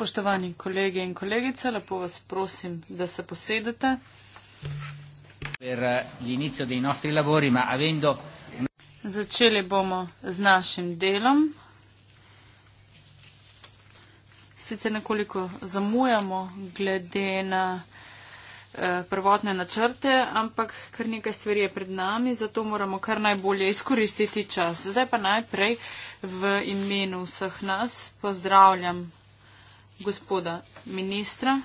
Spoštovani kolegi in kolegice, lepo vas prosim, da se posedete. Per eh, l'inizio dei nostri lavori, ma avendo... Začeli bomo z našim delom. Sicer nekoliko zamujamo glede na eh, prvotne načrte, ampak kar nekaj stvari je pred nami, zato moramo kar najbolje izkoristiti čas. Zdaj pa najprej v imenu vseh nas pozdravljam gospoda ministra.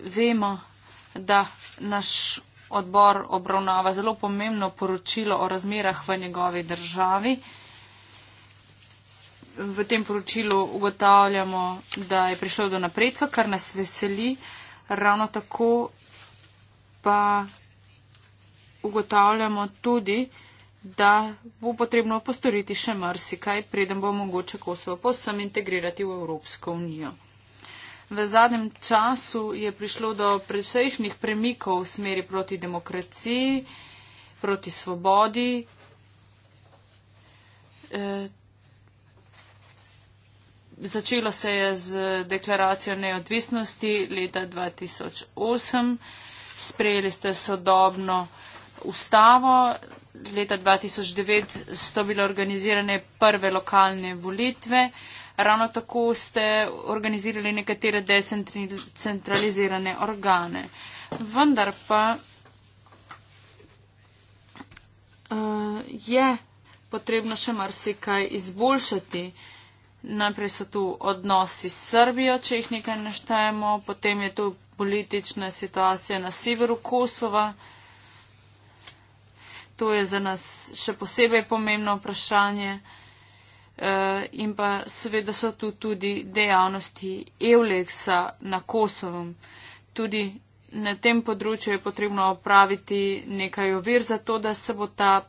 Vemo, da naš odbor obravnava zelo pomembno poročilo o razmerah v njegovi državi. V tem poročilu ugotavljamo, da je prišlo do napredka, kar nas veseli, ravno tako pa ugotavljamo tudi, da bo potrebno postoriti še marsikaj, preden bo mogoče Kosovo posem integrirati v Evropsko unijo. V zadnjem času je prišlo do precejšnjih premikov v smeri proti demokraciji, proti svobodi. E, začelo se je z deklaracijo neodvisnosti leta 2008, sprejeli ste sodobno ustavo leta 2009 sto bile organizirane prve lokalne volitve. Ravno tako ste organizirali nekatere decentralizirane organe. Vendar pa uh, je potrebno še marsikaj izboljšati. Najprej so tu odnosi s Srbijo, če jih nekaj naštejemo, potem je tu politična situacija na severu Kosova. Uh, to je za nas še posebej pomembno vprašanje. Eh, in pa seveda so tu tudi dejavnosti Euleksa na Kosovem. Tudi na tem področju je potrebno opraviti nekaj ovir za to, da se bo ta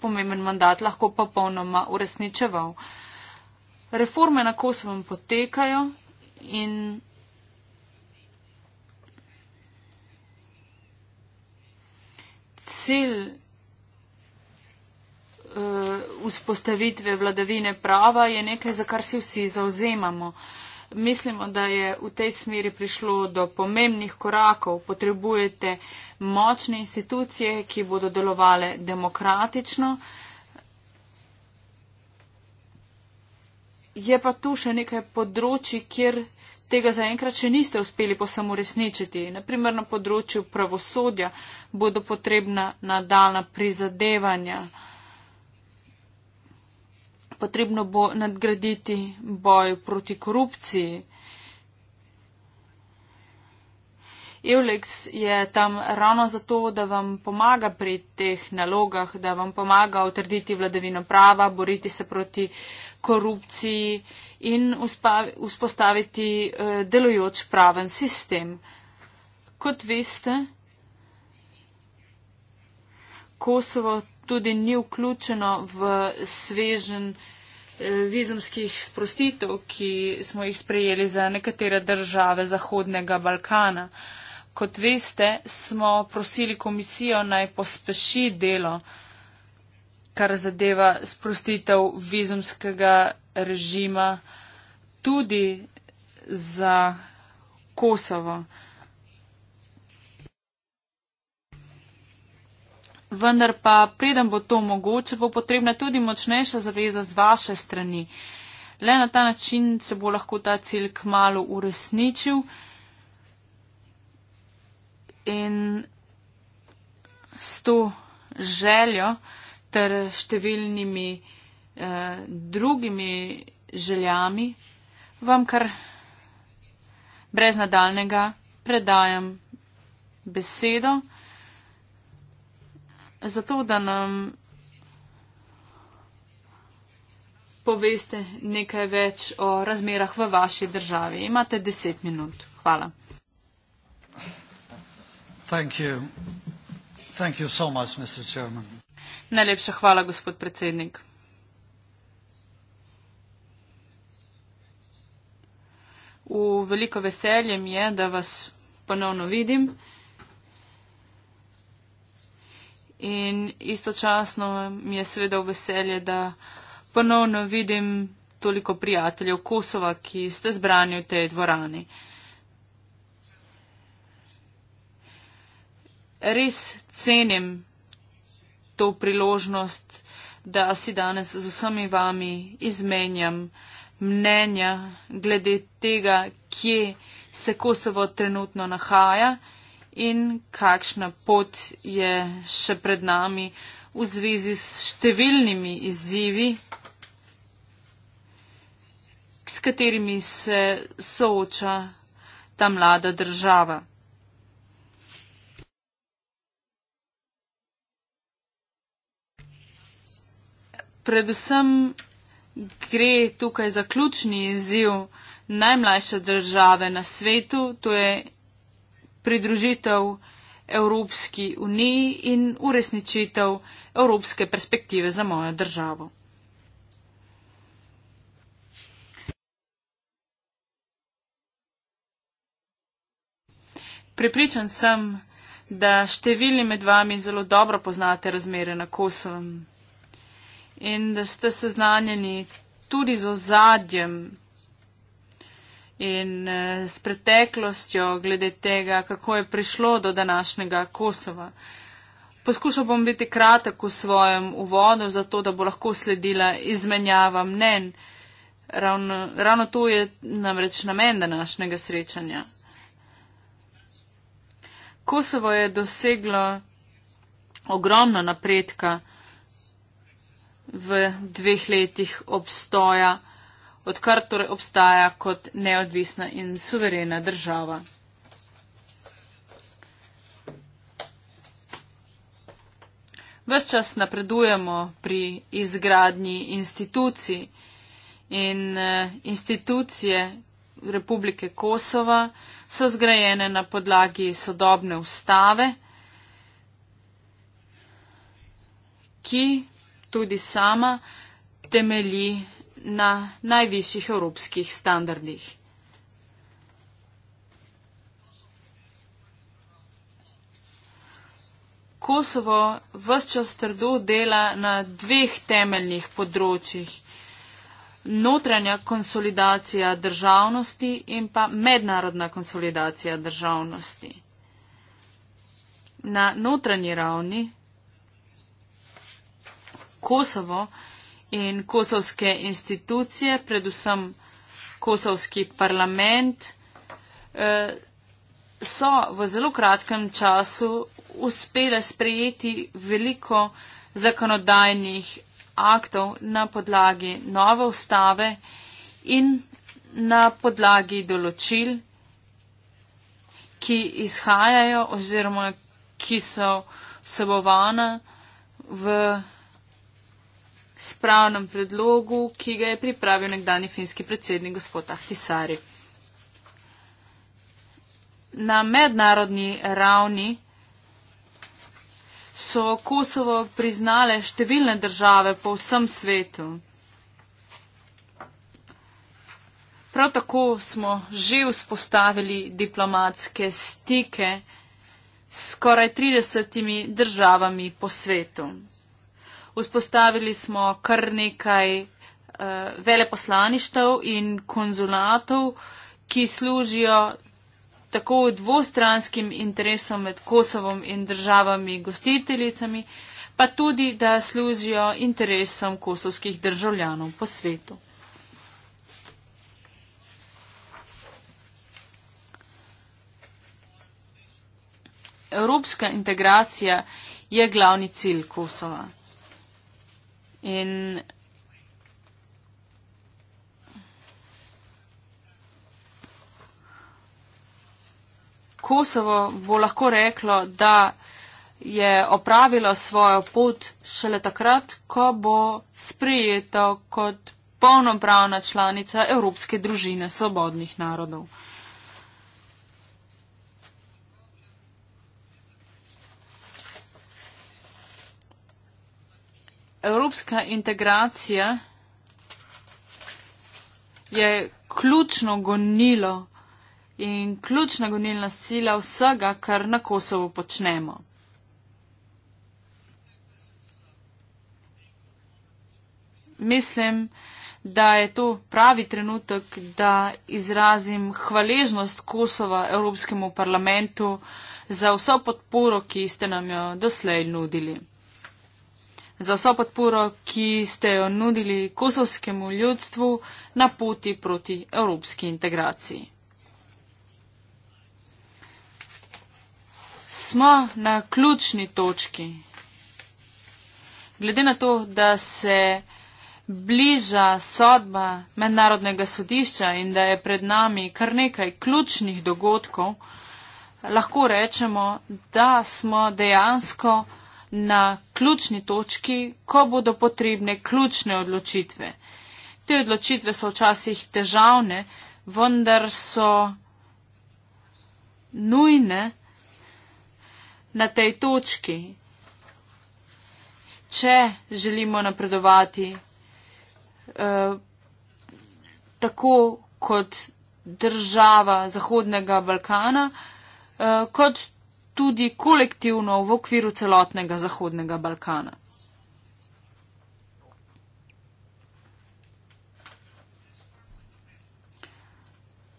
pomemben mandat lahko popolnoma uresničeval. Reforme na Kosovem potekajo in. Cilj uh, vzpostavitve vladavine prava je nekaj, za kar se vsi zauzemamo. Mislimo, da je v tej smeri prišlo do pomembnih korakov. Potrebujete močne institucije, ki bodo delovale demokratično. Je pa tu še nekaj področji, kjer tega zaenkrat še niste uspeli posamo resničiti. Naprimer na področju pravosodja bodo potrebna nadaljna prizadevanja. Potrebno bo nadgraditi boj proti korupciji. Eulex je tam ravno zato, da vam pomaga pri teh nalogah, da vam pomaga utrditi vladavino prava, boriti se proti korupciji in vzpostaviti eh, delujoč praven sistem. Kot veste, Kosovo tudi ni vključeno v svežen eh, vizumskih sprostitev, ki smo jih sprejeli za nekatere države Zahodnega Balkana. Kot veste, smo prosili komisijo naj pospeši delo, kar zadeva sprostitev vizumskega režima tudi za Kosovo. Vendar pa, preden bo to mogoče, bo potrebna tudi močnejša zaveza z vaše strani. Le na ta način se bo lahko ta cilj k malu uresničil. In s to željo ter številnimi eh, drugimi željami vam kar brez nadaljnega predajam besedo zato, da nam poveste nekaj več o razmerah v vaši državi. Imate deset minut. Hvala. Thank you. Thank you so much, Mr. Chairman. Najlepša hvala, gospod predsednik. V veliko veselje mi je, da vas ponovno vidim. In istočasno mi je seveda v veselje, da ponovno vidim toliko prijateljev Kosova, ki ste zbrani v tej dvorani. Res cenim to priložnost, da si danes z vsemi vami izmenjam mnenja glede tega, kje se Kosovo trenutno nahaja in kakšna pot je še pred nami v zvezi s številnimi izzivi, s katerimi se sooča ta mlada država. Predvsem gre tukaj za ključni izziv najmlajše države na svetu, to je pridružitev Evropski uniji in uresničitev evropske perspektive za mojo državo. Pripričan sem, da številni med vami zelo dobro poznate razmere na Kosovem in da ste seznanjeni tudi z ozadjem in eh, s preteklostjo glede tega, kako je prišlo do današnjega Kosova. Poskušal bom biti kratek v svojem uvodu, zato da bo lahko sledila izmenjava mnen. Ravno, ravno to je namreč namen današnjega srečanja. Kosovo je doseglo ogromno napredka v dveh letih obstoja odkar torej obstaja kot neodvisna in suverena država. Ves čas napredujemo pri izgradnji institucij in eh, institucije Republike Kosova so zgrajene na podlagi sodobne ustave, ki tudi sama temelji na najvišjih evropskih standardih. Kosovo vse čas trdo dela na dveh temeljnih področjih. Notranja konsolidacija državnosti in pa mednarodna konsolidacija državnosti. Na notranji ravni Kosovo in kosovske institucije, predvsem kosovski parlament, eh, so v zelo kratkem času uspele sprejeti veliko zakonodajnih aktov na podlagi nove ustave in na podlagi določil, ki izhajajo oziroma ki so vsebovana v spravnem predlogu, ki ga je pripravil nekdani finski predsednik gospod Ahtisari. Na mednarodni ravni so Kosovo priznale številne države po vsem svetu. Prav tako smo že vzpostavili diplomatske stike s skoraj 30 državami po svetu. Vzpostavili smo kar nekaj uh, veleposlaništev in konzulatov, ki služijo tako dvostranskim interesom med Kosovom in državami gostiteljicami, pa tudi, da služijo interesom kosovskih državljanov po svetu. Evropska integracija je glavni cilj Kosova. In Kosovo bo lahko reklo, da je opravilo svojo pot šele takrat, ko bo sprejeto kot polnopravna članica Evropske družine svobodnih narodov. evropska integracija je ključno gonilo in ključna gonilna sila vsega, kar na Kosovo počnemo. Mislim, da je to pravi trenutek, da izrazim hvaležnost Kosova Evropskemu parlamentu za vso podporo, ki ste nam jo doslej nudili za vso podporo, ki ste jo nudili kosovskemu ljudstvu na poti proti evropski integraciji. Smo na ključni točki. Glede na to, da se bliža sodba mednarodnega sodišča in da je pred nami kar nekaj ključnih dogodkov, lahko rečemo, da smo dejansko na ključni točki, ko bodo potrebne ključne odločitve. Te odločitve so včasih težavne, vendar so nujne na tej točki. Če želimo napredovati eh, tako kot država Zahodnega Balkana, eh, kot tudi kolektivno v okviru celotnega Zahodnega Balkana.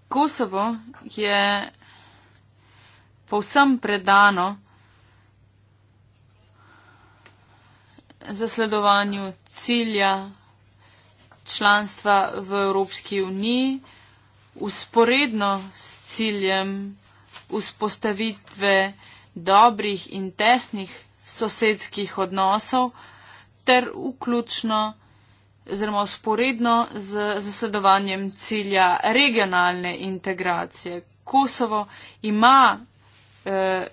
Kosovo je povsem predano zasledovanju cilja članstva v Evropski uniji, usporedno s ciljem vzpostavitve dobrih in tesnih sosedskih odnosov ter vključno oziroma usporedno z zasledovanjem cilja regionalne integracije. Kosovo ima eh,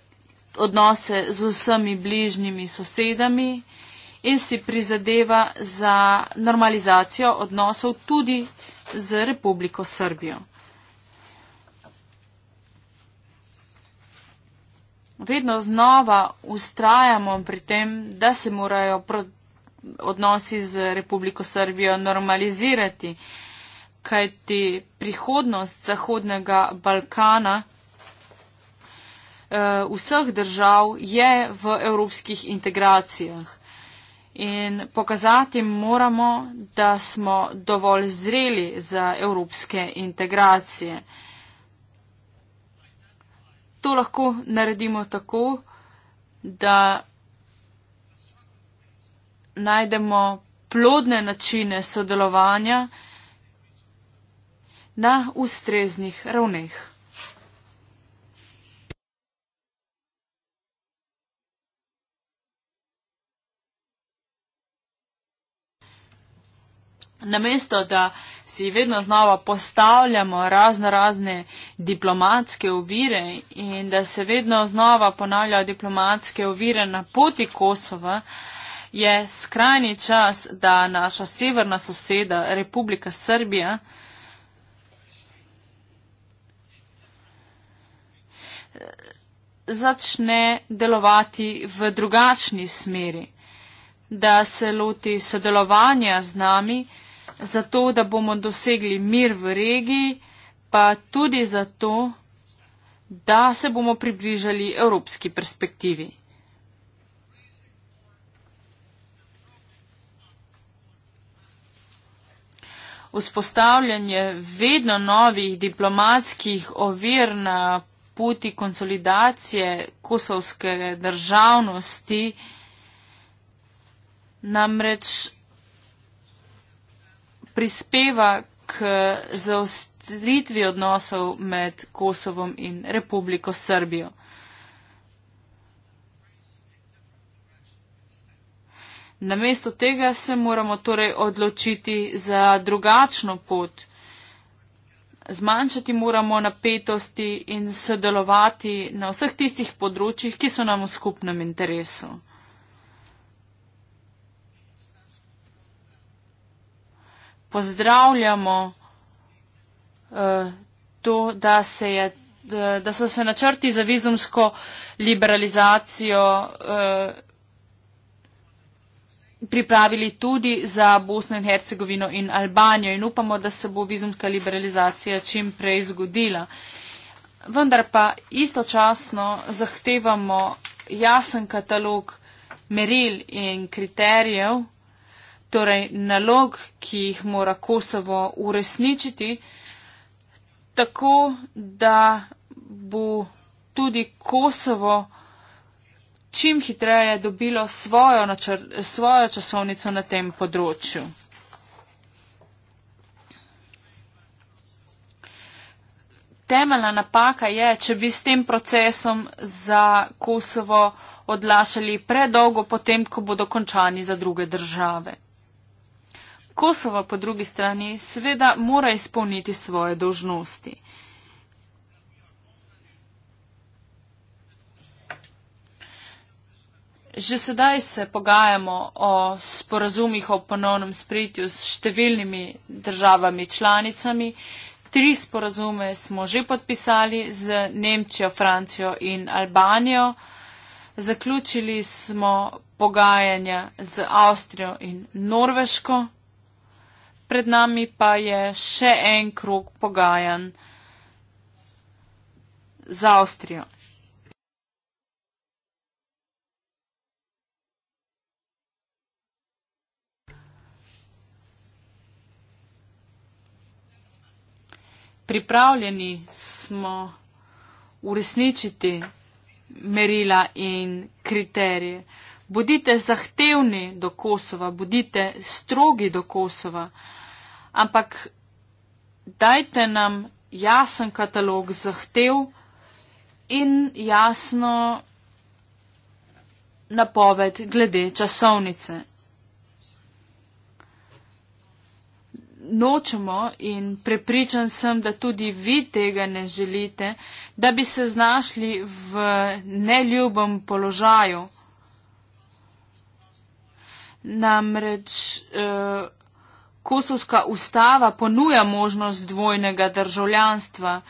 odnose z vsemi bližnjimi sosedami in si prizadeva za normalizacijo odnosov tudi z Republiko Srbijo. vedno znova ustrajamo pri tem, da se morajo odnosi z Republiko Srbijo normalizirati, kajti prihodnost Zahodnega Balkana eh, vseh držav je v evropskih integracijah. In pokazati moramo, da smo dovolj zreli za evropske integracije to lahko naredimo tako, da najdemo plodne načine sodelovanja na ustreznih ravneh. Namesto da si vedno znova postavljamo razno razne diplomatske ovire in da se vedno znova ponavljajo diplomatske ovire na poti Kosova, je skrajni čas, da naša severna soseda Republika Srbija začne delovati v drugačni smeri, da se loti sodelovanja z nami, zato, da bomo dosegli mir v regiji, pa tudi zato, da se bomo približali evropski perspektivi. Vzpostavljanje vedno novih diplomatskih ovir na poti konsolidacije kosovske državnosti namreč prispeva k zaostritvi odnosov med Kosovom in Republiko Srbijo. Namesto tega se moramo torej odločiti za drugačno pot. Zmanjšati moramo napetosti in sodelovati na vseh tistih področjih, ki so nam v skupnem interesu. pozdravljamo uh, to, da, se je, eh, da so se načrti za vizumsko liberalizacijo uh, pripravili tudi za Bosno in Hercegovino in Albanijo in upamo, da se bo vizumska liberalizacija čim prej zgodila. Vendar pa istočasno zahtevamo jasen katalog meril in kriterijev, torej nalog, ki jih mora Kosovo uresničiti, tako da bo tudi Kosovo čim hitreje dobilo svojo, načr, svojo časovnico na tem področju. Temeljna napaka je, če bi s tem procesom za Kosovo odlašali predolgo potem, ko bodo končani za druge države. Kosovo po drugi strani seveda mora izpolniti svoje dožnosti. Že sedaj se pogajamo o sporazumih o ponovnem spritju s številnimi državami članicami. Tri sporazume smo že podpisali z Nemčijo, Francijo in Albanijo. Zaključili smo pogajanja z Avstrijo in Norveško pred nami pa je še en krok pogajan za Avstrijo. Pripravljeni smo uresničiti merila in kriterije. Bodite zahtevni do Kosova, bodite strogi do Kosova ampak dajte nam jasen katalog zahtev in jasno napoved glede časovnice. Nočemo in prepričan sem, da tudi vi tega ne želite, da bi se znašli v neljubem položaju. Namreč. Uh, kosovska ustava ponuja možnost dvojnega državljanstva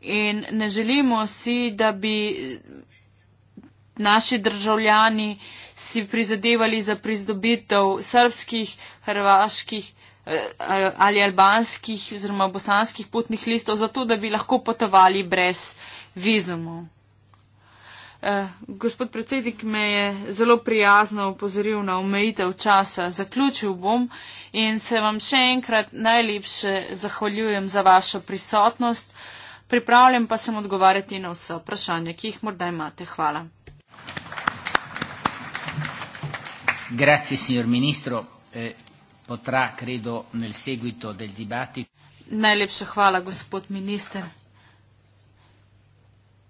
in ne želimo si, da bi naši državljani si prizadevali za prizdobitev srbskih, hrvaških eh, ali albanskih oziroma bosanskih potnih listov, zato da bi lahko potovali brez vizumov. Eh, gospod predsednik me je zelo prijazno upozoril na omejitev časa. Zaključil bom in se vam še enkrat najlepše zahvaljujem za vašo prisotnost. Pripravljam pa sem odgovarjati na vse vprašanja, ki jih morda imate. Hvala. Grazie, signor ministro. Eh, potrà, credo, nel seguito del dibattito. Najlepša hvala, gospod minister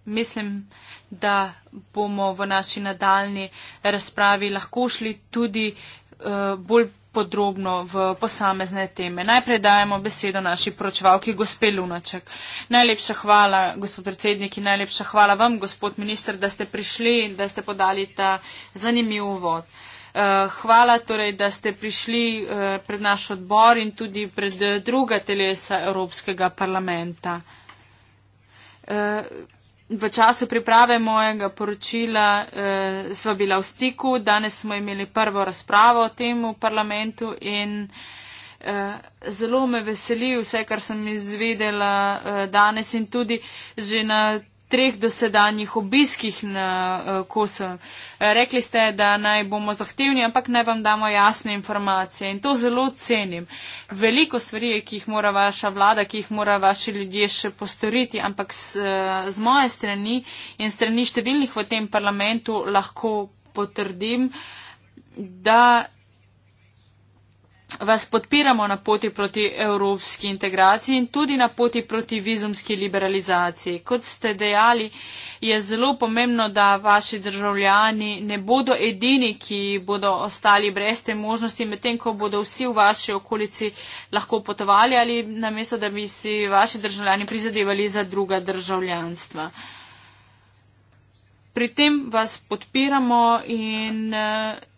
mislim, da bomo v naši nadaljni razpravi lahko šli tudi eh, bolj podrobno v posamezne teme. Najprej dajemo besedo naši poročevalki, gospe Lunaček. Najlepša hvala, gospod predsednik, in najlepša hvala vam, gospod minister, da ste prišli in da ste podali ta zanimiv uvod. Eh, hvala torej, da ste prišli eh, pred naš odbor in tudi pred druga telesa Evropskega parlamenta v času priprave mojega poročila eh, sva bila v stiku, danes smo imeli prvo razpravo o tem v parlamentu in eh, zelo me veseli vse, kar sem izvedela eh, danes in tudi že na treh dosedanjih obiskih na uh, eh, Kosu. Eh, rekli ste, da naj bomo zahtevni, ampak naj vam damo jasne informacije in to zelo cenim. Veliko stvari je, ki jih mora vaša vlada, ki jih mora vaši ljudje še postoriti, ampak s, eh, z moje strani in strani številnih v tem parlamentu lahko potrdim, da vas podpiramo na poti proti evropski integraciji in tudi na poti proti vizumski liberalizaciji. Kot ste dejali, je zelo pomembno, da vaši državljani ne bodo edini, ki bodo ostali brez te možnosti, medtem ko bodo vsi v vaši okolici lahko potovali ali namesto, da bi si vaši državljani prizadevali za druga državljanstva. Pri tem vas podpiramo in. Uh,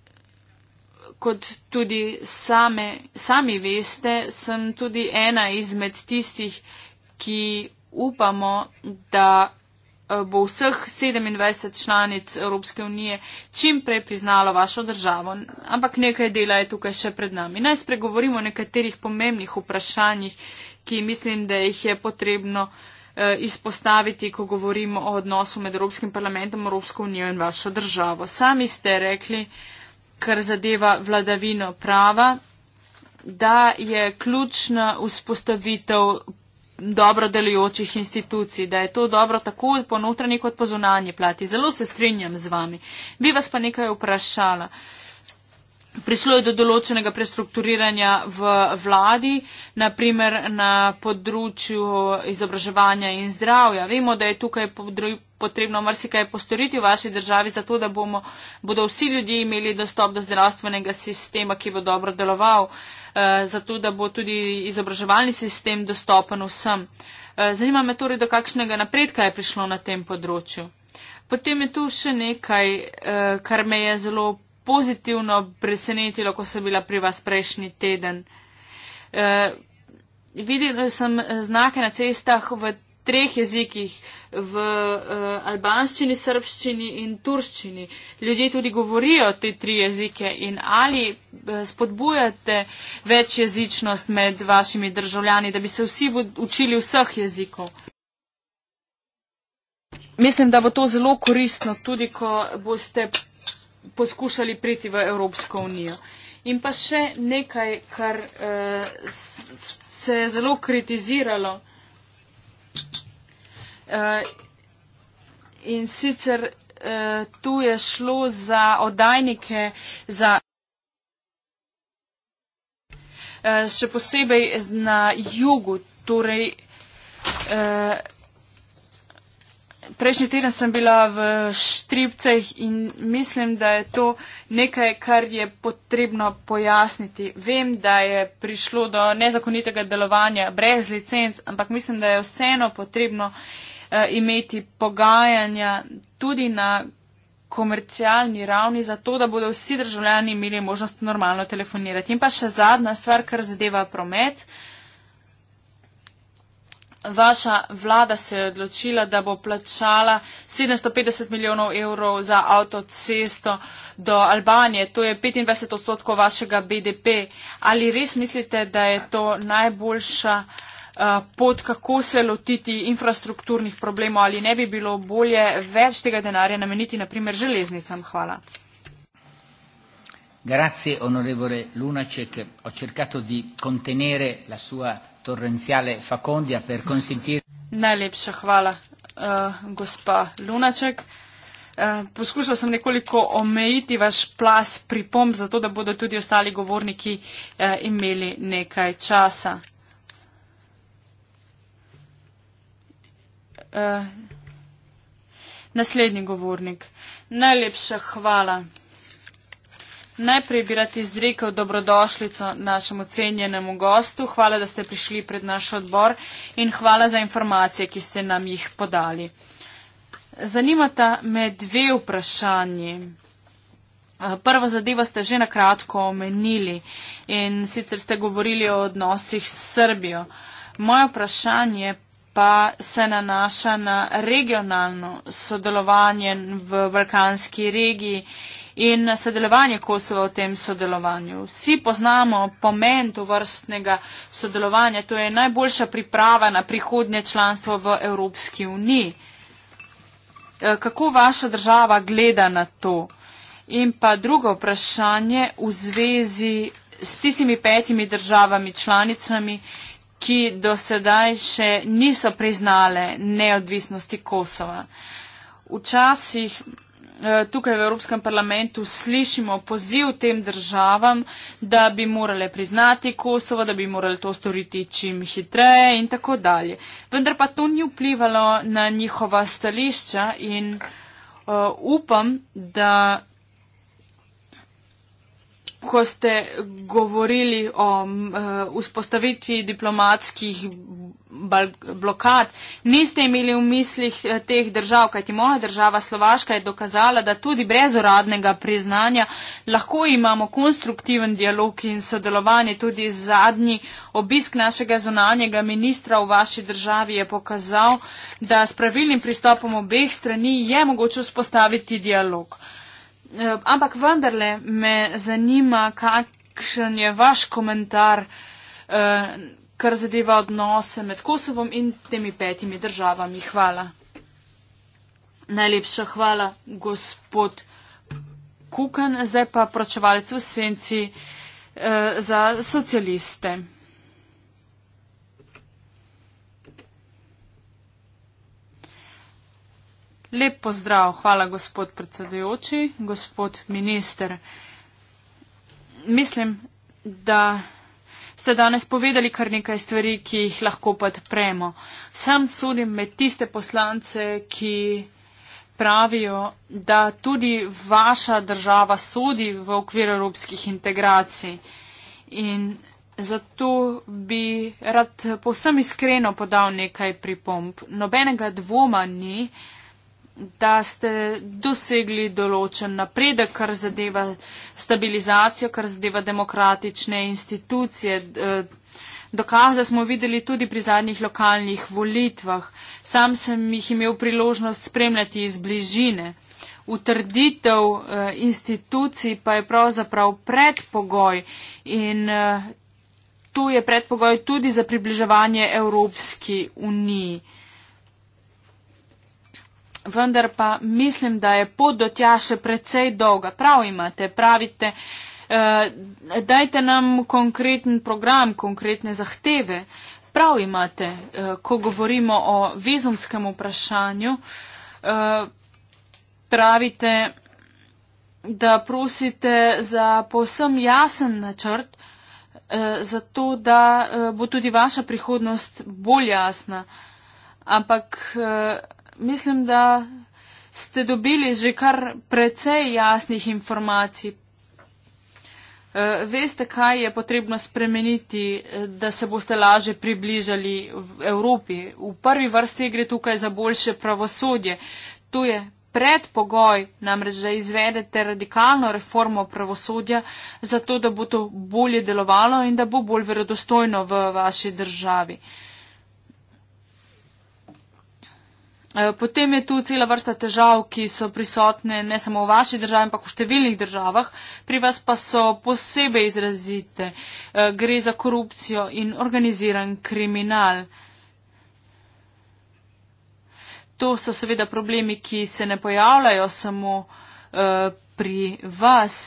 kot tudi same, sami veste, sem tudi ena izmed tistih, ki upamo, da eh, bo vseh 27 članic Evropske unije čim prej priznalo vašo državo. Ampak nekaj dela je tukaj še pred nami. Naj spregovorimo o nekaterih pomembnih vprašanjih, ki mislim, da jih je potrebno eh, izpostaviti, ko govorimo o odnosu med Evropskim parlamentom, Evropsko unijo in vašo državo. Sami ste rekli, kar zadeva vladavino prava, da je ključna vzpostavitev dobro delujočih institucij, da je to dobro tako po notranji kot po zunanji plati. Zelo se strinjam z vami. Bi vas pa nekaj vprašala. Prišlo je do določenega prestrukturiranja v vladi, naprimer na področju izobraževanja in zdravja. Vemo, da je tukaj potrebno marsikaj postoriti v vaši državi, zato da bomo, bodo vsi ljudje imeli dostop do zdravstvenega sistema, ki bo dobro deloval, eh, zato da bo tudi izobraževalni sistem dostopen vsem. Eh, zanima me torej, do kakšnega napredka je prišlo na tem področju. Potem je tu še nekaj, eh, kar me je zelo pozitivno presenetilo, ko sem bila pri vas prejšnji teden. Videla sem znake na cestah v treh jezikih, v uh, albanščini, srbščini in turščini. Ljudje tudi govorijo te tri jezike in ali eh, spodbujate več jezičnost med vašimi državljani, da bi se vsi učili vseh jezikov. Mislim, da bo to zelo koristno, tudi ko boste poskušali priti v Evropsko unijo. In pa še nekaj, kar uh, se je zelo kritiziralo uh, in sicer uh, tu je šlo za oddajnike, za. Uh, še posebej na jugu. Torej, uh, prejšnji teden sem bila v Štripcah in mislim, da je to nekaj, kar je potrebno pojasniti. Vem, da je prišlo do nezakonitega delovanja brez licenc, ampak mislim, da je vseeno potrebno uh, uh, imeti pogajanja tudi na komercialni ravni, zato da bodo vsi državljani imeli možnost normalno telefonirati. In pa še zadnja stvar, kar zadeva promet. Vaša vlada se je odločila, da bo plačala 750 milijonov evrov za avtocesto do Albanije. To je 25 odstotkov vašega BDP. Ali res mislite, da je to najboljša? Eh, pot, kako se lotiti infrastrukturnih problemov ali ne bi bilo bolje več tega denarja nameniti, naprimer, železnicam. Hvala. Grazie, onorevole Lunacek. Ho cercato di contenere la sua torrenziale facondia per consentire. Najlepša hvala, uh, gospa Lunacek. Uh, poskušal sem nekoliko omejiti vaš plas pripomb, zato da bodo tudi ostali govorniki uh, imeli nekaj časa. Eh, naslednji govornik. Najlepša hvala. Najprej bi rad izrekel dobrodošljico našemu cenjenemu gostu. Hvala, da ste prišli pred naš odbor in hvala za informacije, ki ste nam jih podali. Zanimata me dve vprašanje. Eh, prvo zadevo ste že na kratko omenili in sicer ste govorili o odnosih s Srbijo. Moje vprašanje pa se nanaša na regionalno sodelovanje v balkanski regiji in na sodelovanje Kosova v tem sodelovanju. Vsi poznamo pomen to vrstnega sodelovanja, to je najboljša priprava na prihodnje članstvo v Evropski uniji. E, kako vaša država gleda na to? In pa drugo vprašanje v zvezi s tistimi petimi državami članicami, ki do sedaj še niso priznale neodvisnosti Kosova. Včasih eh, tukaj v Evropskem parlamentu slišimo poziv tem državam, da bi morale priznati Kosovo, da bi morale to storiti čim hitreje in tako dalje. Vendar pa to ni vplivalo na njihova stališča in uh, upam, da ko ste govorili o uh, vzpostavitvi diplomatskih blokad, niste imeli v mislih eh, teh držav, kajti moja država Slovaška je dokazala, da tudi brez uradnega priznanja lahko imamo konstruktiven dialog in sodelovanje. Tudi zadnji obisk našega zonanjega ministra v vaši državi je pokazal, da s pravilnim pristopom obeh strani je mogoče vzpostaviti dialog. Uh, Eh, ampak vendarle me zanima, kakšen je vaš komentar, eh, kar zadeva odnose med Kosovom in temi petimi državami. Hvala. Najlepša hvala, gospod Kukan, zdaj pa pročevalec v senci eh, za socialiste. Lep pozdrav, hvala gospod predsedujoči, gospod minister. Mislim, da ste danes povedali kar nekaj stvari, ki jih lahko podpremo. Sam sodim med tiste poslance, ki pravijo, da tudi vaša država sodi v okviru evropskih integracij. In zato bi rad povsem iskreno podal nekaj pripomp. Nobenega dvoma ni, da ste dosegli določen napredek, kar zadeva stabilizacijo, kar zadeva demokratične institucije. Eh, dokaze smo videli tudi pri zadnjih lokalnih volitvah. Sam sem jih imel priložnost spremljati iz bližine. Utrditev eh, institucij pa je pravzaprav predpogoj in eh, tu je predpogoj tudi za približevanje Evropski uniji vendar pa mislim, da je pot do tja še precej dolga. Prav imate, pravite, eh, dajte nam konkreten program, konkretne zahteve. Prav imate, eh, ko govorimo o vizumskem vprašanju, eh, pravite, da prosite za posem jasen načrt, eh, zato da eh, bo tudi vaša prihodnost bolj jasna. Ampak. Eh, mislim, da ste dobili že kar precej jasnih informacij. Eh, veste, kaj je potrebno spremeniti, eh, da se boste laže približali v Evropi. V prvi vrsti gre tukaj za boljše pravosodje. Tu je predpogoj, namreč, da izvedete radikalno reformo pravosodja, zato da bo to bolje delovalo in da bo bolj verodostojno v vaši državi. Uh, Eh, potem je tu cela vrsta težav, ki so prisotne ne samo v vaši državi, ampak v številnih državah, pri vas pa so posebej izrazite. Eh, gre za korupcijo in organiziran kriminal. To so seveda problemi, ki se ne pojavljajo samo eh, pri vas.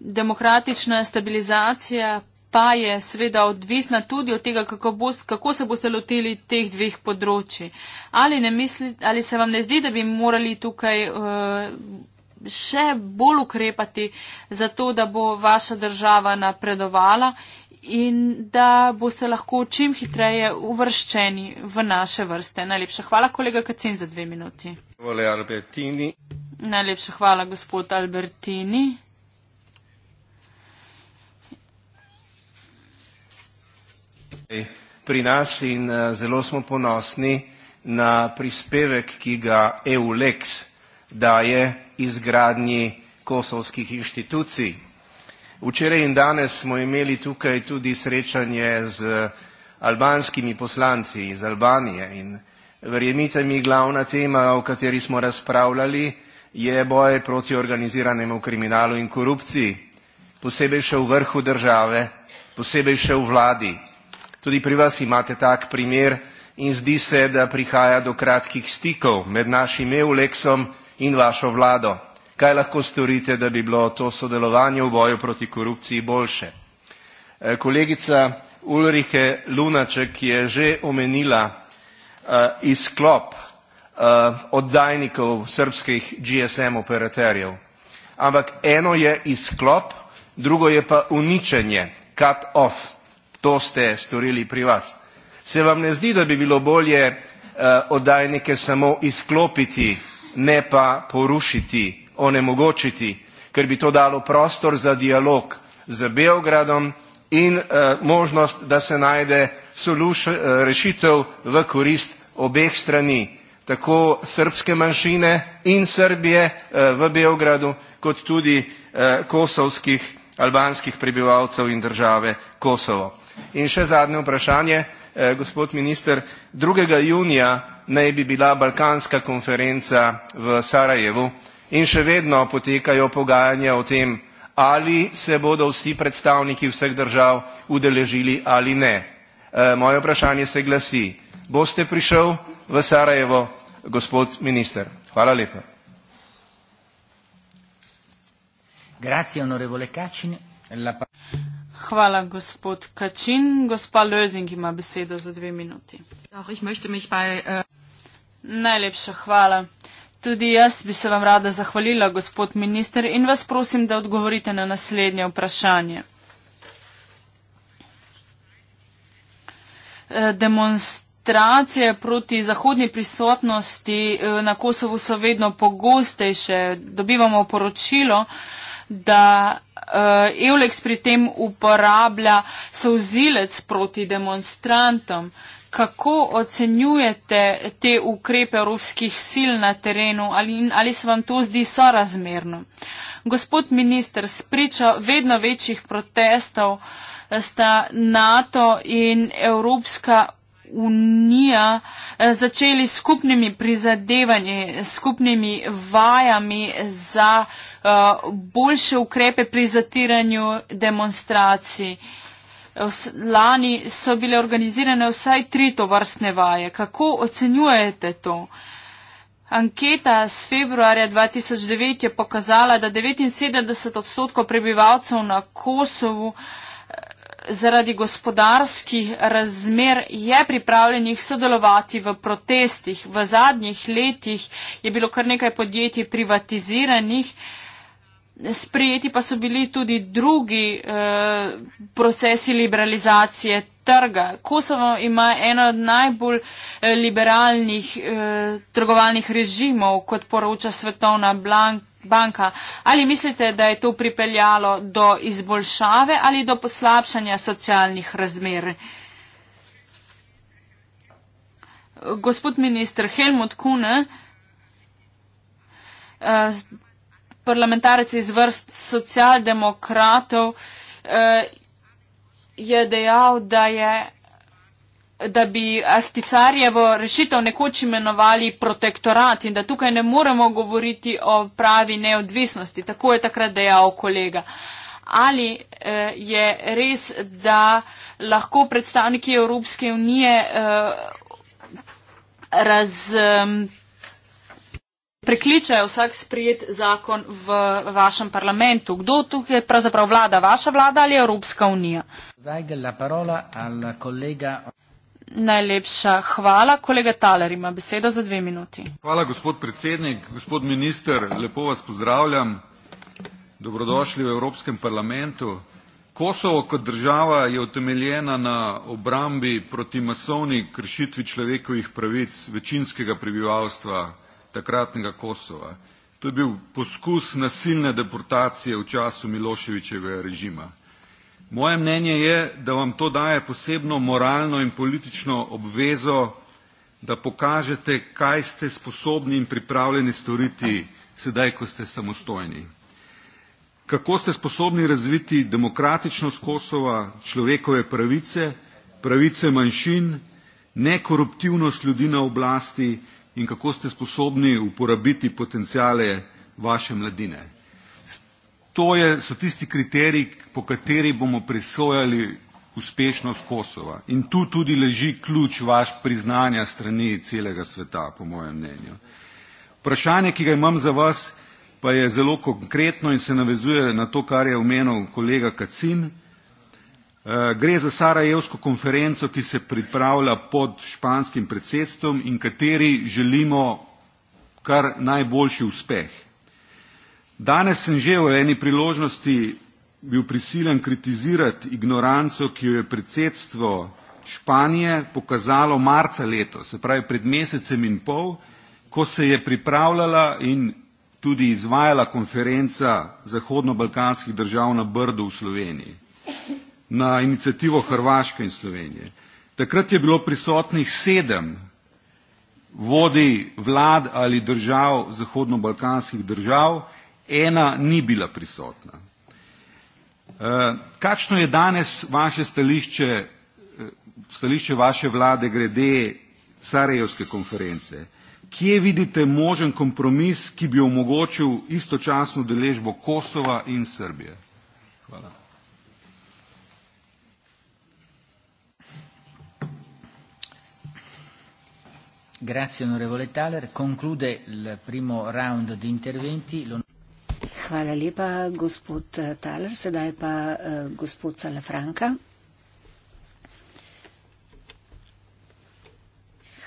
Demokratična stabilizacija pa je sveda odvisna tudi od tega, kako, bo, kako se boste lotili teh dveh področji. Ali, misli, ali se vam ne zdi, da bi morali tukaj eh, še bolj ukrepati za to, da bo vaša država napredovala in da boste lahko čim hitreje uvrščeni v naše vrste. Najlepša hvala, kolega Kacin, za dve minuti. Hvala, Albertini. Najlepša hvala, gospod Albertini. tukaj torej, pri nas in eh, zelo smo ponosni na prispevek, ki ga EULEX daje izgradnji kosovskih inštitucij. Včeraj in danes smo imeli tukaj tudi srečanje z eh, albanskimi poslanci iz Albanije in verjemite mi, glavna tema, o kateri smo razpravljali, je boj proti organiziranemu kriminalu in korupciji, posebej še v vrhu države, posebej še v vladi. Tudi pri vas imate tak primer in zdi se, da prihaja do kratkih stikov med našim EULEX-om in vašo vlado. Kaj lahko storite, da bi bilo to sodelovanje v boju proti korupciji boljše? Eh, kolegica Ulrike Lunaček je že omenila eh, izklop eh, oddajnikov srbskih GSM operaterjev. Ampak eno je izklop, drugo je pa uničenje, cut off to ste storili pri vas. Se vam ne zdi, da bi bilo bolje uh, oddajnike samo izklopiti, ne pa porušiti, onemogočiti, ker bi to dalo prostor za dialog z Beogradom in uh, možnost, da se najde soluš, uh, rešitev v korist obeh strani, tako srpske manjšine in Srbije uh, v Beogradu, kot tudi uh, kosovskih albanskih prebivalcev in države Kosovo. In še zadnje vprašanje, eh, gospod minister, 2. junija naj bi bila balkanska konferenca v Sarajevu in še vedno potekajo pogajanja o tem, ali se bodo vsi predstavniki vseh držav udeležili ali ne. Eh, moje vprašanje se glasi, boste prišel v Sarajevo, gospod minister? Hvala lepa. Grazie, onorevole Kacin. La Hvala, gospod Kačin. Gospa Lözing ima besedo za dve minuti. Äh, Najlepša hvala. Tudi jaz bi se vam rada zahvalila, gospod minister, in vas prosim, da odgovorite na naslednje vprašanje. E, demonstracije proti zahodni prisotnosti e, na Kosovu so vedno pogostejše. Dobivamo poročilo, da uh, Eulex pri tem uporablja sozilec proti demonstrantom. Kako ocenjujete te ukrepe evropskih sil na terenu ali, ali se vam to zdi sorazmerno? Gospod minister, spričo vedno večjih protestov eh, sta NATO in Evropska unija eh, začeli skupnimi prizadevanji, skupnimi vajami za uh, boljše ukrepe pri zatiranju demonstracij. Eh, lani so bile organizirane vsaj tri tovrstne vaje. Kako ocenjujete to? Anketa z februarja 2009 je pokazala, da 79 odstotkov prebivalcev na Kosovu zaradi gospodarskih razmer je pripravljenih sodelovati v protestih. V zadnjih letih je bilo kar nekaj podjetij privatiziranih, sprijeti pa so bili tudi drugi eh, procesi liberalizacije trga. Kosovo ima eno od najbolj eh, liberalnih eh, trgovalnih režimov, kot poroča svetovna blanka banka. Ali mislite, da je to pripeljalo do izboljšave ali do poslabšanja socialnih razmer? Gospod minister Helmut Kune, eh, parlamentarec iz vrst socialdemokratov, eh, je dejal, da je da bi Arhticarjevo rešitev nekoč imenovali protektorat in da tukaj ne moremo govoriti o pravi neodvisnosti. Tako je takrat dejal kolega. Ali eh, je res, da lahko predstavniki Evropske unije eh, raz. Eh, prekličajo vsak sprijet zakon v vašem parlamentu. Kdo tukaj pravzaprav vlada? Vaša vlada ali Evropska unija? Dajte la parola al kolega. Eh, Najlepša hvala. Kolega Taler ima besedo za dve minuti. Hvala, gospod predsednik. Gospod minister, lepo vas pozdravljam. Dobrodošli v Evropskem parlamentu. Kosovo kot država je utemeljena na obrambi proti masovni kršitvi človekovih pravic večinskega prebivalstva takratnega Kosova. To je bil poskus nasilne deportacije v času Miloševičevega režima. Moje mnenje je, da vam to daje posebno moralno in politično obvezo, da pokažete, kaj ste sposobni in pripravljeni storiti sedaj, ko ste samostojni. Kako ste sposobni razviti demokratičnost Kosova, človekove pravice, pravice manjšin, nekoruptivnost ljudi na oblasti in kako ste sposobni uporabiti potencijale vaše mladine. To je, so tisti kriteriji, po kateri bomo presojali uspešnost Kosova. In tu tudi leži ključ vaš priznanja strani celega sveta, po mojem mnenju. Vprašanje, ki ga imam za vas, pa je zelo konkretno in se navezuje na to, kar je omenil kolega Kacin. Eh, gre za Sarajevsko konferenco, ki se pripravlja pod španskim predsedstvom in kateri želimo kar najboljši uspeh. Danes sem že v eni priložnosti bil prisilen kritizirati ignoranco, ki jo je predsedstvo Španije pokazalo marca letos, se pravi pred mesecem in pol, ko se je pripravljala in tudi izvajala konferenca zahodno-balkanskih držav na Brdu v Sloveniji na inicijativo Hrvaške in Slovenije. Takrat je bilo prisotnih sedem vodi vlad ali držav, zahodno-balkanskih držav, ena ni bila prisotna. Eh, kakšno je danes vaše stališče, eh, stališče vaše vlade glede Sarajevske konference? Kje vidite možen kompromis, ki bi omogočil istočasno deležbo Kosova in Srbije? Hvala. Grazie onorevole Taler, conclude il primo round di interventi. Hvala lepa, gospod eh, Taler. Sedaj pa uh, gospod Salafranka.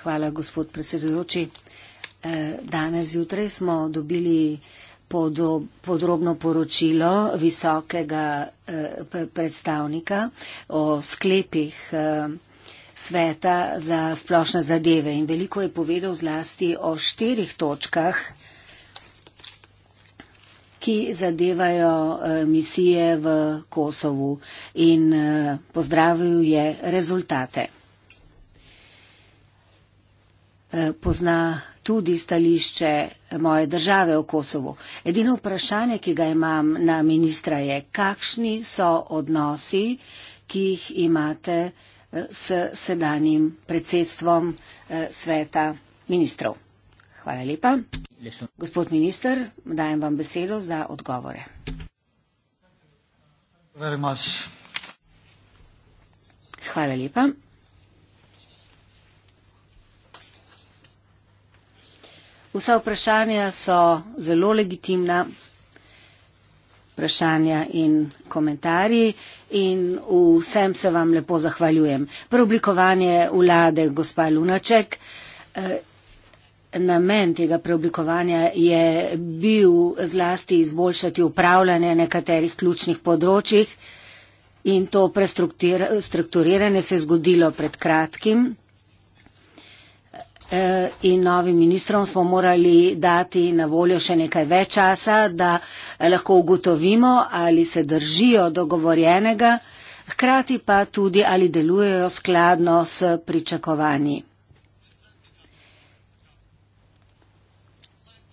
Hvala, gospod predsedujoči. Eh, danes zjutraj smo dobili podrobno poročilo visokega predstavnika o sklepih sveta za splošne zadeve in veliko je povedal zlasti o štirih točkah, ki zadevajo eh, misije v Kosovu in eh, pozdravil je rezultate. Eh, pozna tudi stališče moje države v Kosovu. Edino vprašanje, ki ga imam na ministra je, kakšni so odnosi, ki jih imate s sedanjim predsedstvom sveta ministrov. Hvala lepa. Gospod minister, dajem vam besedo za odgovore. Hvala lepa. Vsa vprašanja so zelo legitimna, vprašanja in komentarji in vsem se vam lepo zahvaljujem. Preoblikovanje vlade gospa Lunaček eh, Namen tega preoblikovanja je bil zlasti izboljšati upravljanje nekaterih ključnih področjih in to prestrukturiranje se je zgodilo pred kratkim e, in novim ministrom smo morali dati na voljo še nekaj več časa, da lahko ugotovimo, ali se držijo dogovorjenega, hkrati pa tudi, ali delujejo skladno s pričakovanji.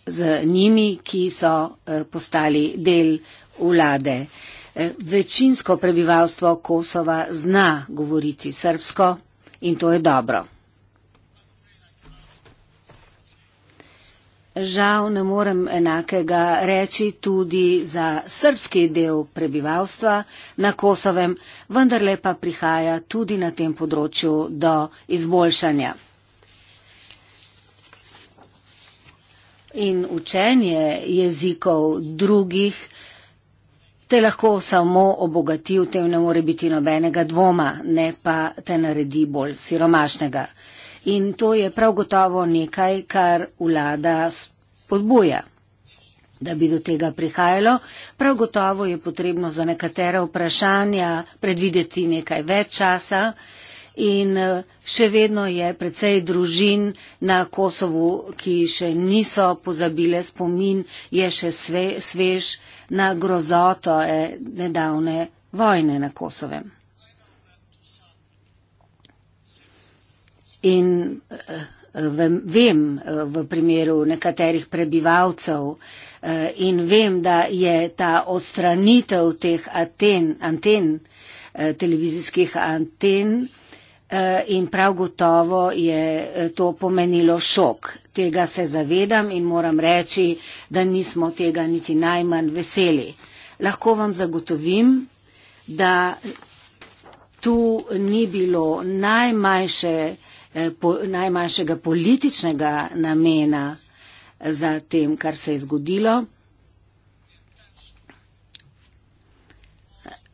z njimi, ki so eh, postali del vlade. Eh, večinsko prebivalstvo Kosova zna govoriti srbsko in to je dobro. Žal ne morem enakega reči tudi za srbski del prebivalstva na Kosovem, vendar lepa prihaja tudi na tem področju do izboljšanja. In učenje jezikov drugih te lahko samo obogati, v tem ne more biti nobenega dvoma, ne pa te naredi bolj siromašnega. In to je prav gotovo nekaj, kar vlada spodbuja. Da bi do tega prihajalo, prav gotovo je potrebno za nekatera vprašanja predvideti nekaj več časa, in eh, še vedno je precej družin na Kosovu, ki še niso pozabile spomin, je še sve, svež na grozoto eh, nedavne vojne na Kosovem. In eh, vem v primeru nekaterih prebivalcev in vem, da je ta ostranitev teh aten, anten, televizijskih anten, Eh, in prav gotovo je eh, to pomenilo šok. Tega se zavedam in moram reči, da nismo tega niti najmanj veseli. Lahko vam zagotovim, da tu ni bilo najmanjše, eh, po, najmanjšega političnega namena za tem, kar se je zgodilo.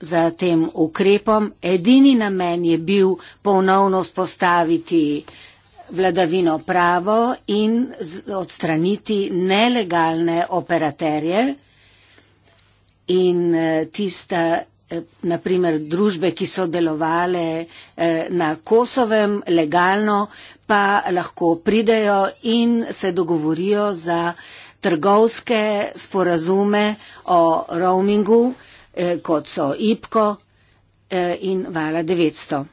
za tem ukrepom. Edini namen je bil ponovno spostaviti vladavino pravo in odstraniti nelegalne operaterje in eh, tista, eh, naprimer, družbe, ki so delovale eh, na Kosovem legalno, pa lahko pridejo in se dogovorijo za trgovske sporazume o roamingu. Eh, kot so IPKO eh, in Vala 900.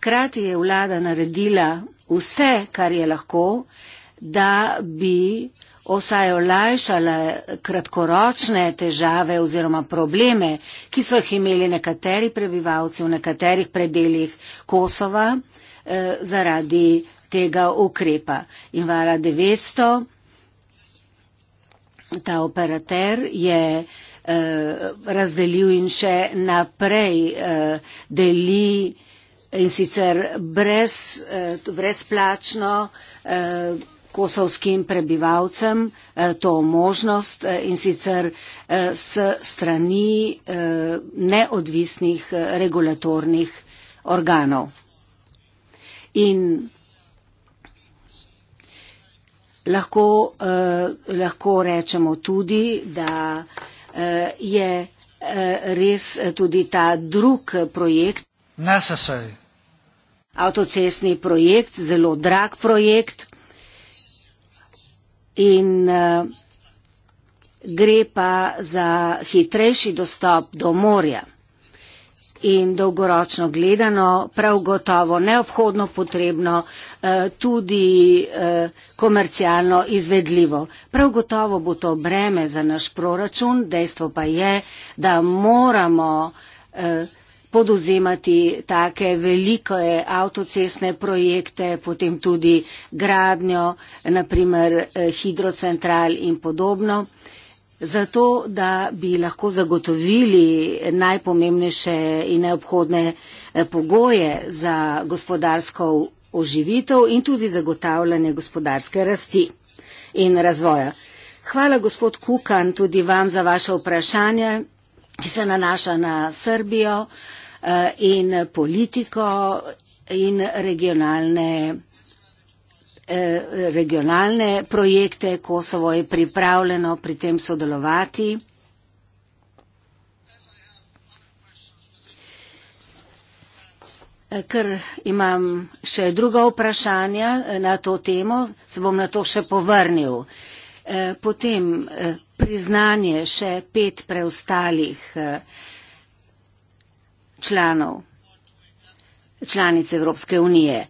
Hkrati je vlada naredila vse, kar je lahko, da bi vsaj olajšala kratkoročne težave oziroma probleme, ki so jih imeli nekateri prebivalci v nekaterih predeljih Kosova eh, zaradi tega ukrepa. In vara 900, ta operater je eh, razdelil in še naprej eh, deli in sicer brez, eh, brezplačno. Eh, kosovskim prebivalcem eh, to možnost eh, in sicer eh, s strani neodvisnih regulatornih organov. In Lahko, eh, lahko rečemo tudi, da eh, je eh, res eh, tudi ta drug projekt. Necessary. Avtocesni projekt, zelo drag projekt. In eh, gre pa za hitrejši dostop do morja in dolgoročno gledano prav gotovo neobhodno potrebno, eh, tudi eh, komercialno izvedljivo. Prav gotovo bo to breme za naš proračun, dejstvo pa je, da moramo eh, poduzemati take velike avtocesne projekte, potem tudi gradnjo, naprimer hidrocentral in podobno zato da bi lahko zagotovili najpomembnejše in neobhodne eh, pogoje za gospodarsko oživitev in tudi zagotavljanje gospodarske rasti in razvoja. Hvala gospod Kukan tudi vam za vaše vprašanje, ki se nanaša na Srbijo eh, in politiko in regionalne. Eh, regionalne projekte, Kosovo je pripravljeno pri tem sodelovati. Eh, ker imam še druga vprašanja eh, na to temo, se bom na to še povrnil. Potem priznanje še pet preostalih članov članic Evropske unije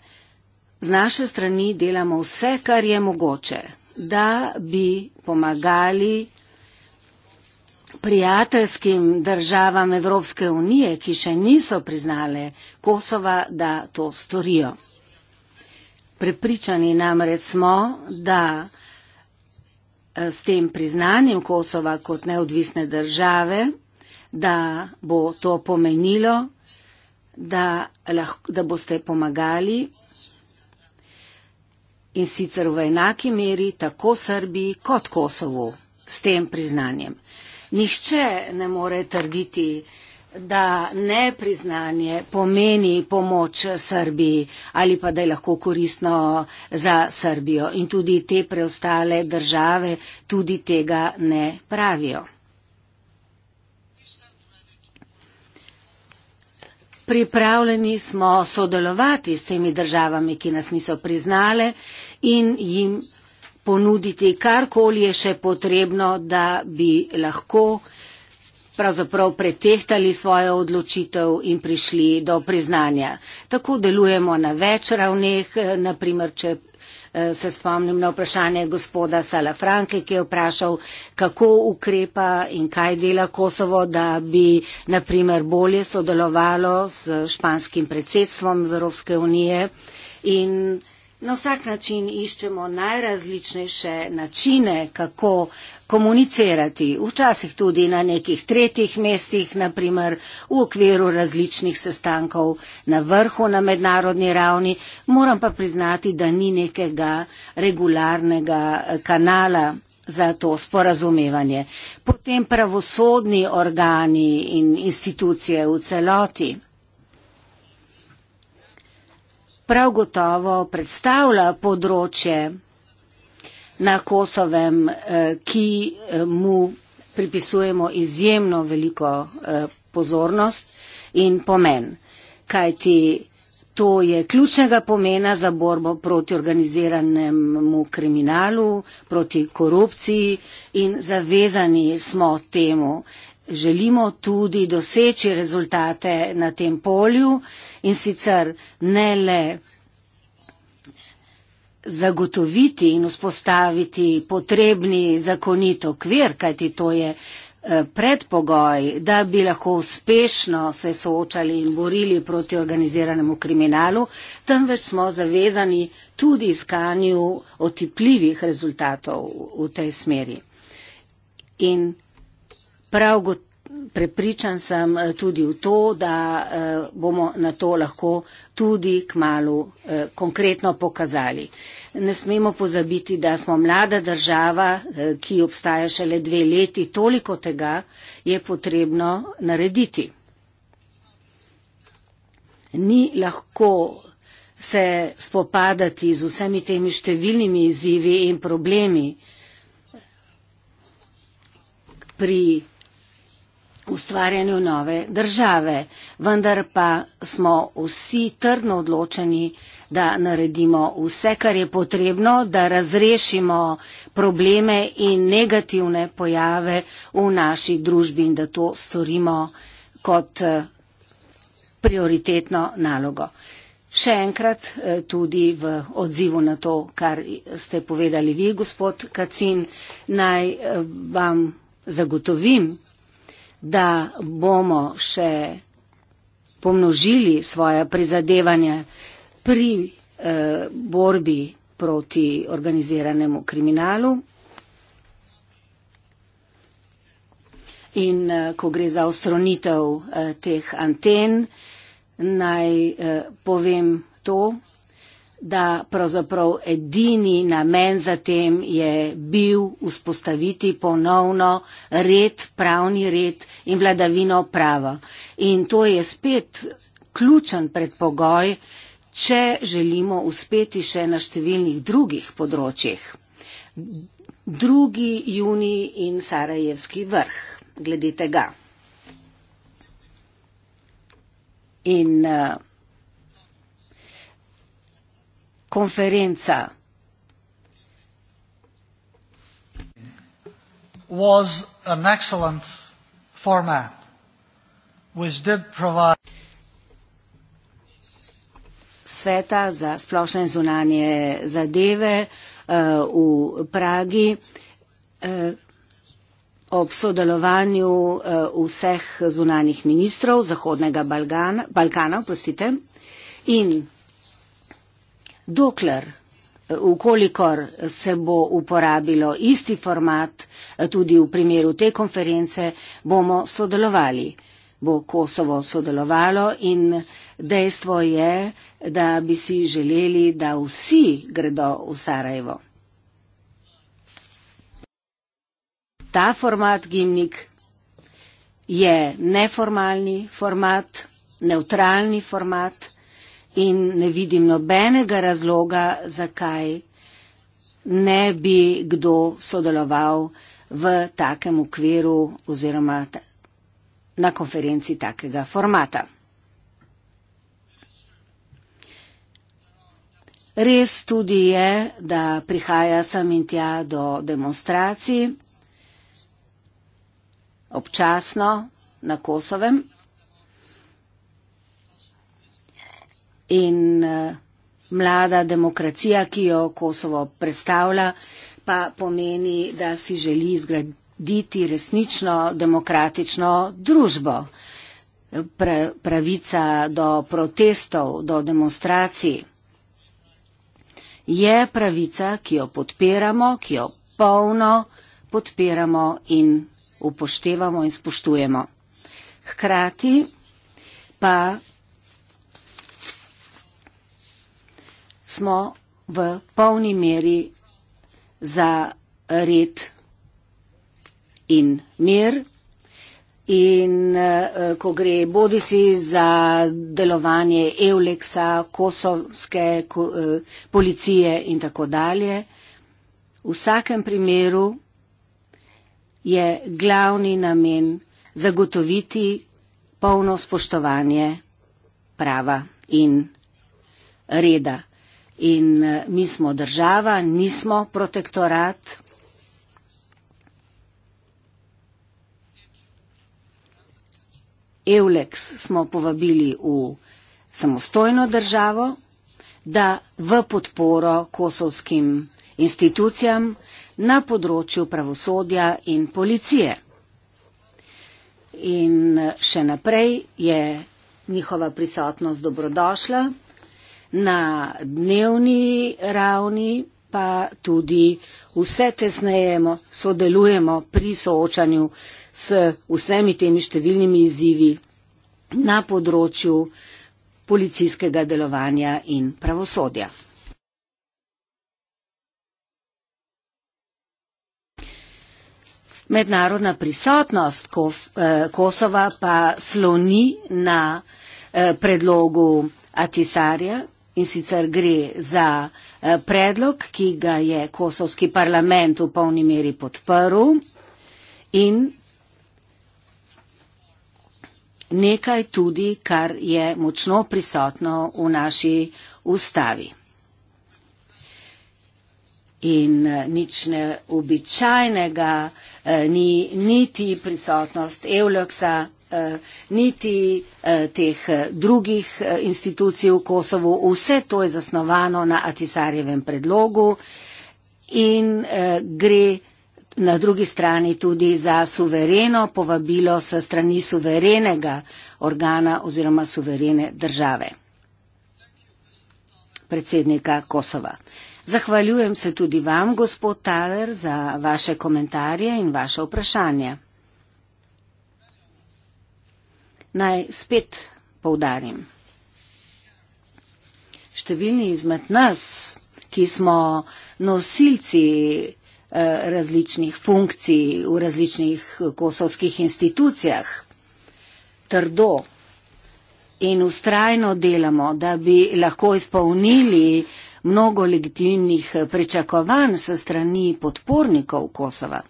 z naše strani delamo vse, kar je mogoče, da bi pomagali prijateljskim državam Evropske unije, ki še niso priznale Kosova, da to storijo. Prepričani namreč smo, da eh, s tem priznanjem Kosova kot neodvisne države, da bo to pomenilo, da, lahko, da boste pomagali in sicer v enaki meri tako Srbiji kot Kosovu s tem priznanjem. Nihče ne more trditi, da nepriznanje pomeni pomoč Srbiji ali pa da je lahko koristno za Srbijo in tudi te preostale države tudi tega ne pravijo. pripravljeni smo sodelovati s temi državami, ki nas niso priznale in jim ponuditi karkoli je še potrebno, da bi lahko pravzaprav pretehtali svojo odločitev in prišli do priznanja. Tako delujemo na več ravneh, naprimer, če Eh, se spomnim na vprašanje gospoda Sala Franke, ki je vprašal, kako ukrepa in kaj dela Kosovo, da bi naprimer bolje sodelovalo s španskim predsedstvom Evropske unije. In Na vsak način iščemo najrazličnejše načine, kako komunicirati, včasih tudi na nekih tretjih mestih, naprimer v okviru različnih sestankov na vrhu na mednarodni ravni, moram pa priznati, da ni nekega regularnega eh, kanala za to sporazumevanje. Potem pravosodni organi in institucije v celoti prav gotovo predstavlja področje na Kosovem, eh, ki eh, mu pripisujemo izjemno veliko eh, pozornost in pomen. Kajti to je ključnega pomena za borbo proti organiziranemu kriminalu, proti korupciji in zavezani smo temu želimo tudi doseči rezultate na tem polju in sicer ne le zagotoviti in vzpostaviti potrebni zakonito kvir, kajti to je eh, predpogoj, da bi lahko uspešno se soočali in borili proti organiziranemu kriminalu, temveč smo zavezani tudi iskanju otipljivih rezultatov v tej smeri. In Prav gotovo. Prepričan sem eh, tudi v to, da eh, bomo na to lahko tudi k malu eh, konkretno pokazali. Ne smemo pozabiti, da smo mlada država, ki obstaja šele dve leti, toliko tega je potrebno narediti. Ni lahko se spopadati z vsemi temi številnimi izzivi in problemi pri ustvarjanju nove države, vendar pa smo vsi trdno odločeni, da naredimo vse, kar je potrebno, da razrešimo probleme in negativne pojave v naši družbi in da to storimo kot eh, prioritetno nalogo. Še enkrat eh, tudi v odzivu na to, kar ste povedali vi, gospod Kacin, naj eh, vam zagotovim, da bomo še pomnožili svoje prizadevanje pri eh, borbi proti organiziranemu kriminalu. In eh, ko gre za ostronitev eh, teh anten, naj eh, povem to, da pravzaprav edini namen za tem je bil vzpostaviti ponovno red, pravni red in vladavino prava. In to je spet ključen predpogoj, če želimo uspeti še na številnih drugih področjih. Drugi juni in Sarajevski vrh, glede tega. In uh, konferenca. Sveta za splošne zunanje zadeve eh, v Pragi eh, ob sodelovanju eh, vseh zunanih ministrov Zahodnega Balkana in Zahodnega Balkana dokler, ukolikor eh, se bo uporabilo isti format eh, tudi v primeru te konference, bomo sodelovali. Bo Kosovo sodelovalo in dejstvo je, da bi si želeli, da vsi gredo v Sarajevo. Ta format gimnik je neformalni format, neutralni format, in ne vidim nobenega razloga, zakaj ne bi kdo sodeloval v takem okviru oziroma na konferenci takega formata. Res tudi je, da prihaja sem in tja do demonstracij občasno na Kosovem, in uh, mlada demokracija, ki jo Kosovo predstavlja, pa pomeni, da si želi zgraditi resnično demokratično družbo. Pre, pravica do protestov, do demonstracij je pravica, ki jo podpiramo, ki jo polno podpiramo in upoštevamo in spoštujemo. Hkrati pa smo v polni meri za red in mir. In eh, ko gre bodi si za delovanje Euleksa, kosovske eh, policije in tako dalje, v vsakem primeru je glavni namen zagotoviti polno spoštovanje prava in reda in eh, mi smo država, nismo protektorat. Eulex smo povabili v samostojno državo, da v podporo kosovskim institucijam na področju pravosodja in policije. In eh, še naprej je njihova prisotnost dobrodošla na dnevni ravni pa tudi vse tesnejemo, sodelujemo pri soočanju s vsemi temi številnimi izzivi na področju policijskega delovanja in pravosodja. Mednarodna prisotnost eh, Kosova pa sloni na eh, predlogu Atisarja, In sicer gre za eh, predlog, ki ga je kosovski parlament v polni meri podprl in nekaj tudi, kar je močno prisotno v naši ustavi. In eh, nič neobičajnega eh, ni niti prisotnost Euleksa Eh, niti eh, teh eh, drugih institucij v Kosovu. Vse to je zasnovano na Atisarjevem predlogu in gre na drugi strani tudi za suvereno povabilo s strani suverenega organa oziroma suverene države predsednika Kosova. Zahvaljujem se tudi vam, gospod Taler, za vaše komentarje in vaše vprašanje. Naj spet povdarim. Številni izmed nas, ki smo nosilci eh, različnih funkcij v različnih kosovskih institucijah, trdo in ustrajno delamo, da bi lahko izpolnili mnogo legitimnih pričakovanj se strani podpornikov Kosova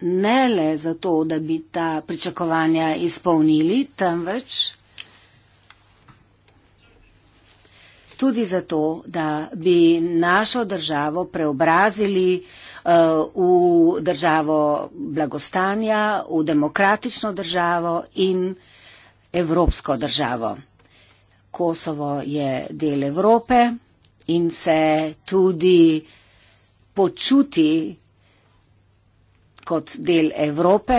ne le zato, da bi ta pričakovanja izpolnili, temveč tudi zato, da bi našo državo preobrazili uh, v državo blagostanja, v demokratično državo in evropsko državo. Kosovo je del Evrope in se tudi počuti kot del Evrope.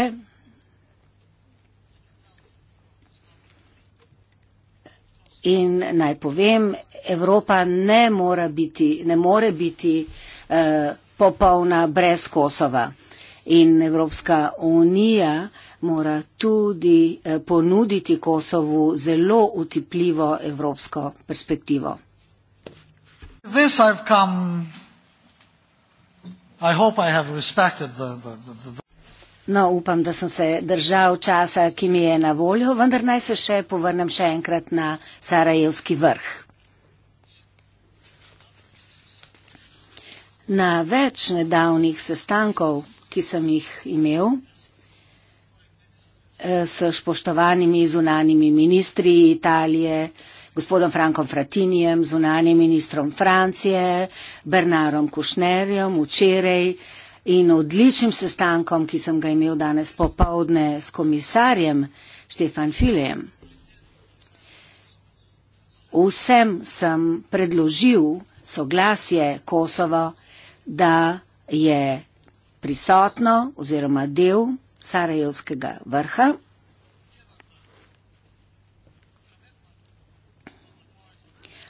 In naj povem, Evropa ne more biti, ne more biti eh, popolna brez Kosova. In Evropska unija mora tudi eh, ponuditi Kosovu zelo utipljivo evropsko perspektivo. No, upam, da sem se držal časa, ki mi je na voljo, vendar naj se še povrnem še enkrat na Sarajevski vrh. Na več nedavnih sestankov, ki sem jih imel eh, s spoštovanimi zunanimi ministri Italije, gospodom Frankom Fratinijem, zunanjem ministrom Francije, Bernarom Kušnerjem včeraj in odličnim sestankom, ki sem ga imel danes popovdne s komisarjem Štefan Filejem. Vsem sem predložil soglasje Kosovo, da je prisotno oziroma del Sarajevskega vrha.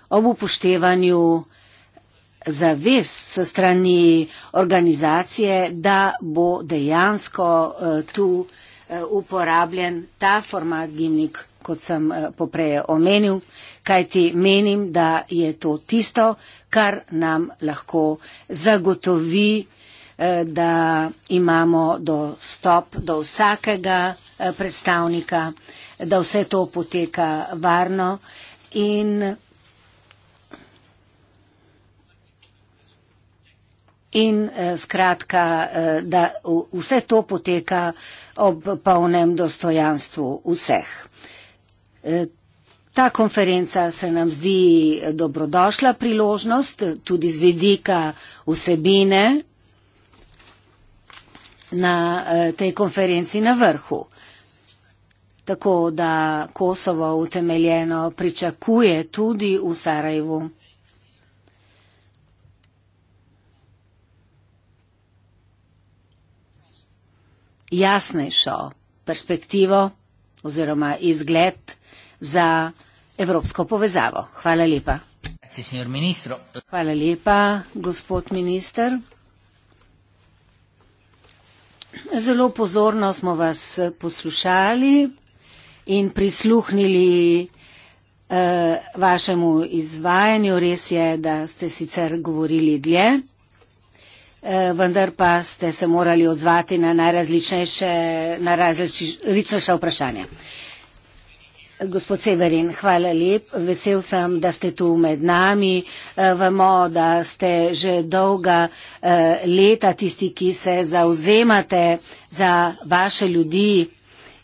ob upoštevanju zavez sa strani organizacije, da bo dejansko eh, tu eh, uporabljen ta format gimnik, kot sem eh, poprej omenil, kajti menim, da je to tisto, kar nam lahko zagotovi, da imamo dostop do vsakega predstavnika, da vse to poteka varno in in eh, skratka, eh, da vse to poteka ob polnem dostojanstvu vseh. Eh, ta konferenca se nam zdi dobrodošla priložnost tudi z vidika vsebine na tej konferenci na vrhu. Tako da Kosovo utemeljeno pričakuje tudi v Sarajevu. jasnejšo perspektivo oziroma izgled za evropsko povezavo. Hvala lepa. Hvala lepa, gospod minister. Zelo pozorno smo vas poslušali in prisluhnili eh, vašemu izvajanju. Res je, da ste sicer govorili dlje. Eh, vendar pa ste se morali odzvati na najrazličnejše, na najrazličnejša vprašanja. Gospod Severin, hvala lep, vesel sem, da ste tu med nami. Eh, vemo, da ste že dolga eh, leta tisti, ki se zauzemate za vaše ljudi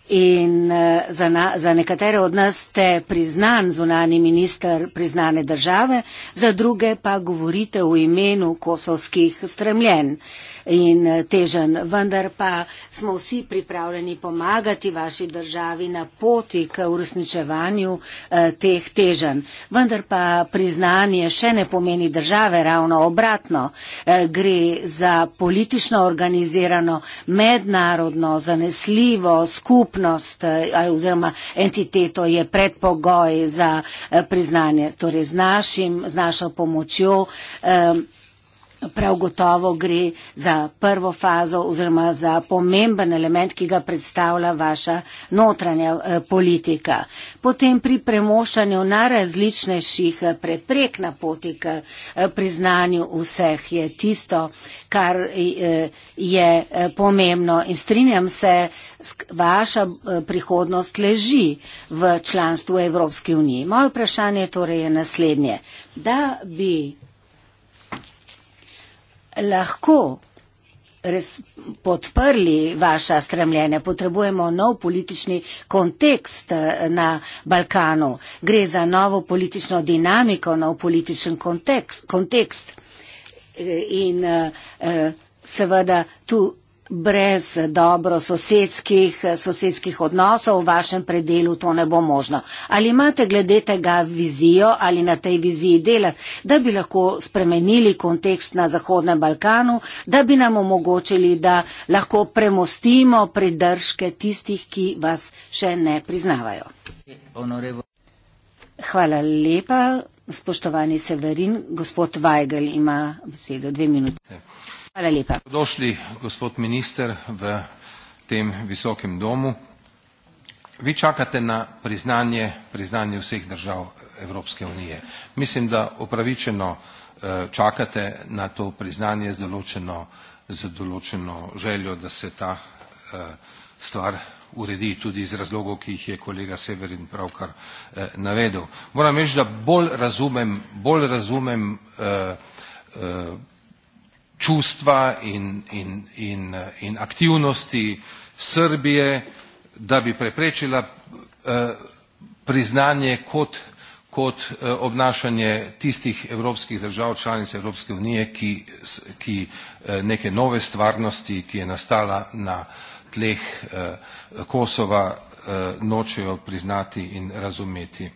in eh, za, na, za nekatere od nas ste priznan zunani minister priznane države, za druge pa govorite v imenu kosovskih stremljen in eh, težen. Vendar pa smo vsi pripravljeni pomagati vaši državi na poti k uresničevanju eh, teh težen. Vendar pa priznanje še ne pomeni države, ravno obratno. Eh, gre za politično organizirano, mednarodno, zanesljivo, skupno, skupnost eh, oziroma entiteto je predpogoj za eh, priznanje. Torej z našim, z našo pomočjo. Um, Prav gotovo gre za prvo fazo oziroma za pomemben element, ki ga predstavlja vaša notranja eh, politika. Potem pri premoščanju na različnejših eh, preprek na poti k eh, priznanju vseh je tisto, kar eh, je eh, pomembno. In strinjam se, vaša eh, prihodnost leži v članstvu Evropske unije. Moje vprašanje torej je naslednje. Da bi lahko res podprli vaša stremljenja. Potrebujemo nov politični kontekst eh, na Balkanu. Gre za novo politično dinamiko, nov politični kontekst. kontekst. Eh, in eh, seveda tu brez dobro sosedskih, sosedskih odnosov v vašem predelu to ne bo možno. Ali imate glede tega vizijo ali na tej viziji dela, da bi lahko spremenili kontekst na Zahodnem Balkanu, da bi nam omogočili, da lahko premostimo pridržke tistih, ki vas še ne priznavajo? Hvala lepa, spoštovani Severin. Gospod Vajgel ima besedo dve minute. Hvala lepa. Došli, gospod minister, v tem visokem domu. Vi čakate na priznanje, priznanje vseh držav Evropske unije. Mislim, da upravičeno eh, čakate na to priznanje z določeno, z določeno željo, da se ta eh, stvar uredi tudi iz razlogov, ki jih je kolega Severin pravkar eh, navedel. Moram reči, da bolj razumem, bolj razumem čustva in, in, in, in aktivnosti Srbije, da bi preprečila eh, priznanje kot, kot eh, obnašanje tistih evropskih držav, članic Evropske unije, ki, ki eh, neke nove stvarnosti, ki je nastala na tleh Kosova, nočejo priznati in razumeti.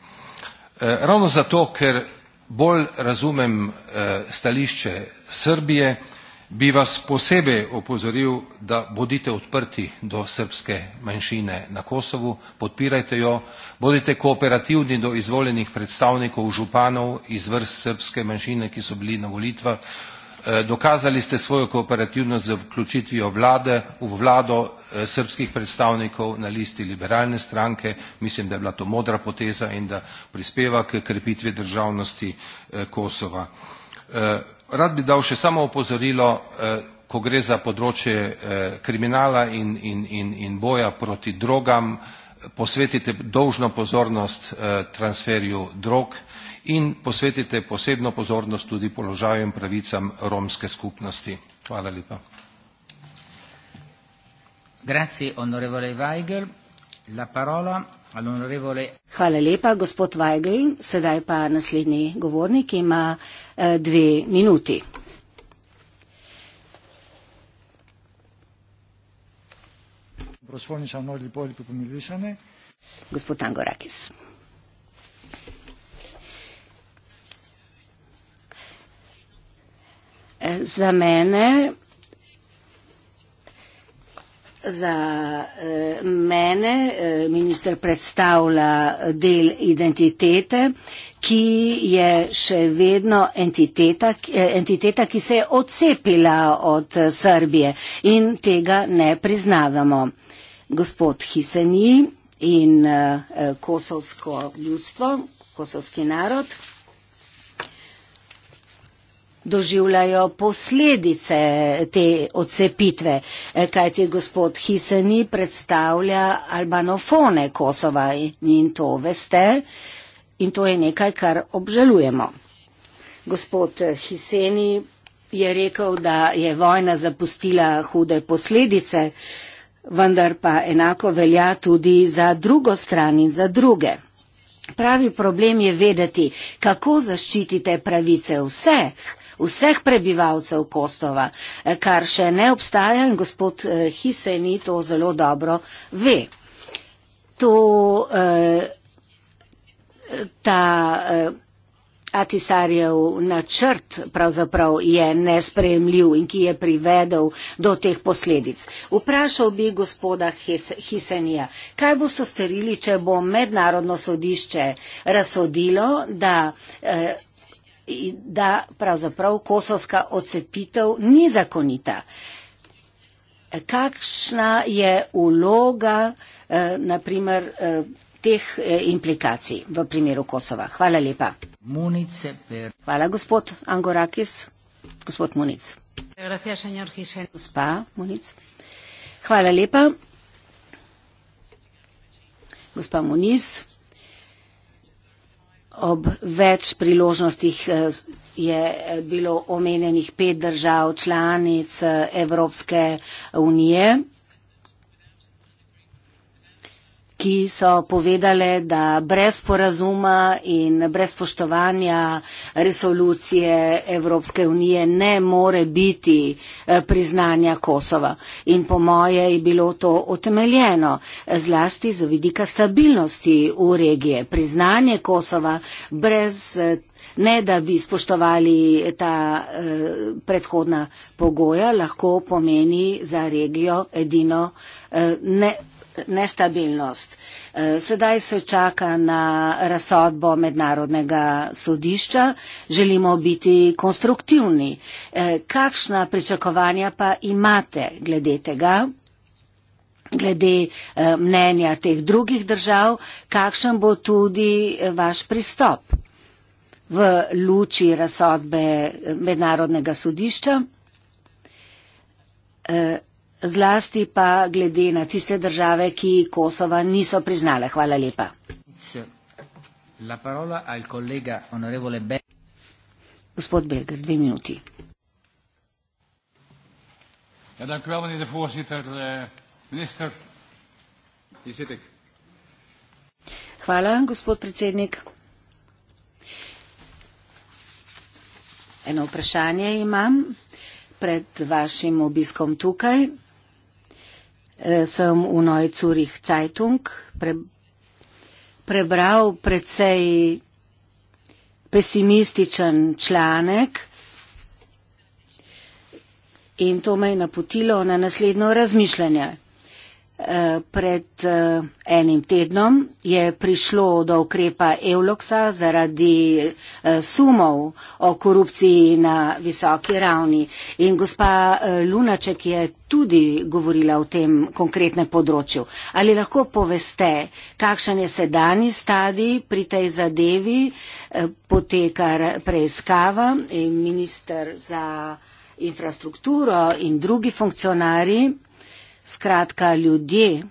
Ravno zato, ker bolj razumem eh, stališče Srbije, bi vas posebej opozoril, da bodite odprti do srpske manjšine na Kosovu, podpirajte jo, bodite kooperativni do izvoljenih predstavnikov županov iz vrst srpske manjšine, ki so bili na volitvah, Eh, dokazali ste svojo kooperativnost z vključitvijo vlade v vlado eh, srpskih predstavnikov na listi liberalne stranke, mislim, da je bila to modra poteza in da prispeva k krepitvi državnosti eh, Kosova. Rad bi dal še samo opozorilo, ko gre za področje kriminala in, in, in, in boja proti drogam, posvetite dolžno pozornost transferju drog, in posvetite posebno pozornost tudi položaju in pravicam romske skupnosti. Hvala lepa. Grazie, onorevole Weigel. La parola all'onorevole. Hvala lepa, gospod Weigel. Sedaj pa naslednji govornik ima eh, dve minuti. Gospod Angorakis. za mene, za eh, mene eh, minister predstavlja del identitete, ki je še vedno entiteta, eh, entiteta, ki se je odcepila od Srbije in tega ne priznavamo. Gospod Hiseni in kosovsko ljudstvo, kosovski narod doživljajo posledice te odsepitve, eh, kajti gospod Hiseni predstavlja albanofone Kosova in to veste in to je nekaj, kar obžalujemo. Gospod Hiseni je rekel, da je vojna zapustila hude posledice, vendar pa enako velja tudi za drugo stran in za druge. Pravi problem je vedeti, kako zaščitite pravice vseh, vseh prebivalcev Kostova, eh, kar še ne obstaja in gospod eh, Hiseni to zelo dobro ve. To, eh, ta Atisarjev načrt pravzaprav je nespremljiv in ki je privedel do teh posledic. Vprašal bi gospoda Hisenija, kaj boste storili, če bo mednarodno sodišče razsodilo, da da pravzaprav kosovska odcepitev ni zakonita. Kakšna je uloga, eh, naprimer, eh, teh eh, implikacij v primeru Kosova? Hvala lepa. Per... Hvala, gospod Angorakis. Gospod Munic. Gospa Munic. Hvala lepa. Gospa Muniz ob več priložnostih eh, je eh, bilo omenjenih pet držav članic eh, Evropske unije ki so povedale, da brez porazuma in brez poštovanja resolucije Evropske unije ne more biti eh, priznanja Kosova. In po moje je bilo to otemeljeno zlasti za vidika stabilnosti v regije. Priznanje Kosova brez eh, ne da bi spoštovali ta eh, predhodna pogoja, lahko pomeni za regijo edino eh, ne, nestabilnost. E, sedaj se čaka na razsodbo mednarodnega sodišča, želimo biti konstruktivni. E, kakšna pričakovanja pa imate glede tega, glede e, mnenja teh drugih držav, kakšen bo tudi vaš pristop v luči razsodbe mednarodnega sodišča? zlasti pa glede na tiste države, ki Kosova niso priznale. Hvala lepa. Gospod Belger, dve minuti. Ja, dank u wel, meneer de voorzitter. Uh, minister, hier zit ik. Hvala, gospod predsednik. Eno vprašanje imam pred vašim obiskom tukaj sem v Noj Curih Zeitung pre, prebral precej pesimističen članek in to me je napotilo na naslednjo razmišljanje. Pred eh, enim tednom je prišlo do ukrepa Euloksa zaradi eh, sumov o korupciji na visoki ravni. In gospa eh, Lunaček je tudi govorila o tem konkretnem področju. Ali lahko poveste, kakšen je sedani stadi pri tej zadevi, poteka preiskava in minister za infrastrukturo in drugi funkcionari. Skratka, ljudje,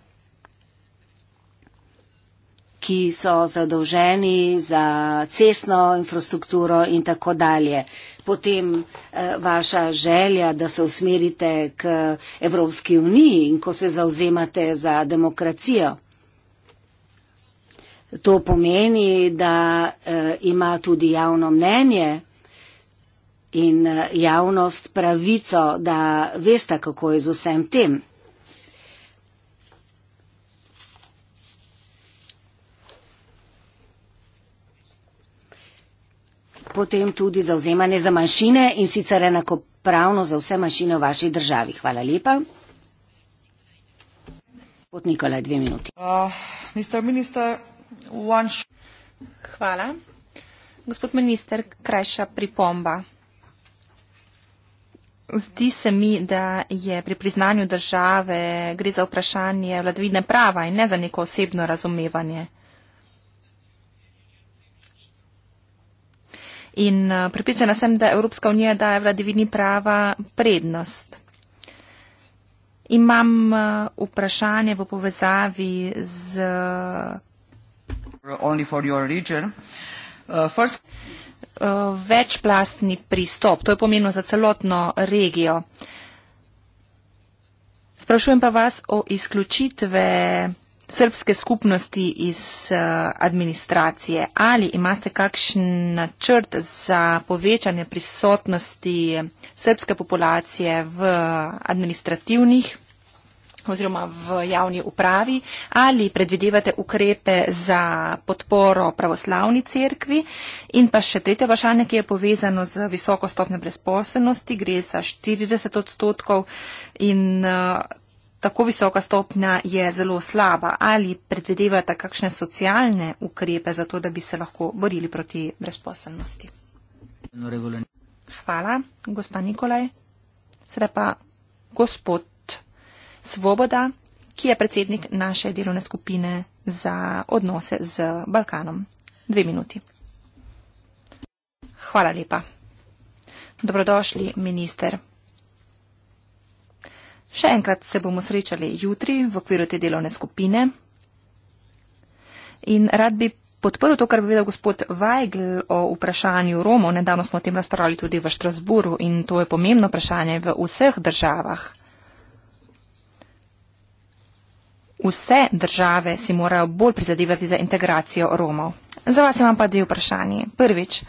ki so zadolženi za cestno infrastrukturo in tako dalje. Potem eh, vaša želja, da se usmerite k Evropski uniji in ko se zauzemate za demokracijo. To pomeni, da eh, ima tudi javno mnenje in eh, javnost pravico, da veste, kako je z vsem tem. potem tudi zauzemanje za manjšine in sicer enakopravno za vse manjšine v vaši državi. Hvala lepa. Pot Nikolaj, dve minuti. Uh, mister, minister, Hvala. Gospod minister, krajša pripomba. Zdi se mi, da je pri priznanju države gre za vprašanje vladavidne prava in ne za neko osebno razumevanje. In eh, pripričana sem, da Evropska unija daje vladavini prava prednost. Imam eh, vprašanje v povezavi z. Uh, eh, večplastni pristop, to je pomenilo za celotno regijo. Sprašujem pa vas o izključitve srpske skupnosti iz eh, administracije. Ali imate kakšen načrt za povečanje prisotnosti srpske populacije v administrativnih oziroma v javni upravi? Ali predvidevate ukrepe za podporo pravoslavni cerkvi? In pa še tretje vprašanje, ki je povezano z visoko stopnjo brezposobnosti, gre za 40 odstotkov in eh, tako visoka stopnja je zelo slaba. Ali predvidevate kakšne socialne ukrepe za to, da bi se lahko borili proti brezposelnosti? Hvala, gospa Nikolaj. Sedaj pa gospod Svoboda, ki je predsednik naše delovne skupine za odnose z Balkanom. Dve minuti. Hvala lepa. Dobrodošli, minister. Še enkrat se bomo srečali jutri v okviru te delovne skupine. In rad bi podprl to, kar bi vedel gospod Weigl o vprašanju Romov. Nedavno smo o tem razpravljali tudi v Štrasburu in to je pomembno vprašanje v vseh državah. Vse države si morajo bolj prizadevati za integracijo Romov. Za vas imam pa dve vprašanje. Prvič.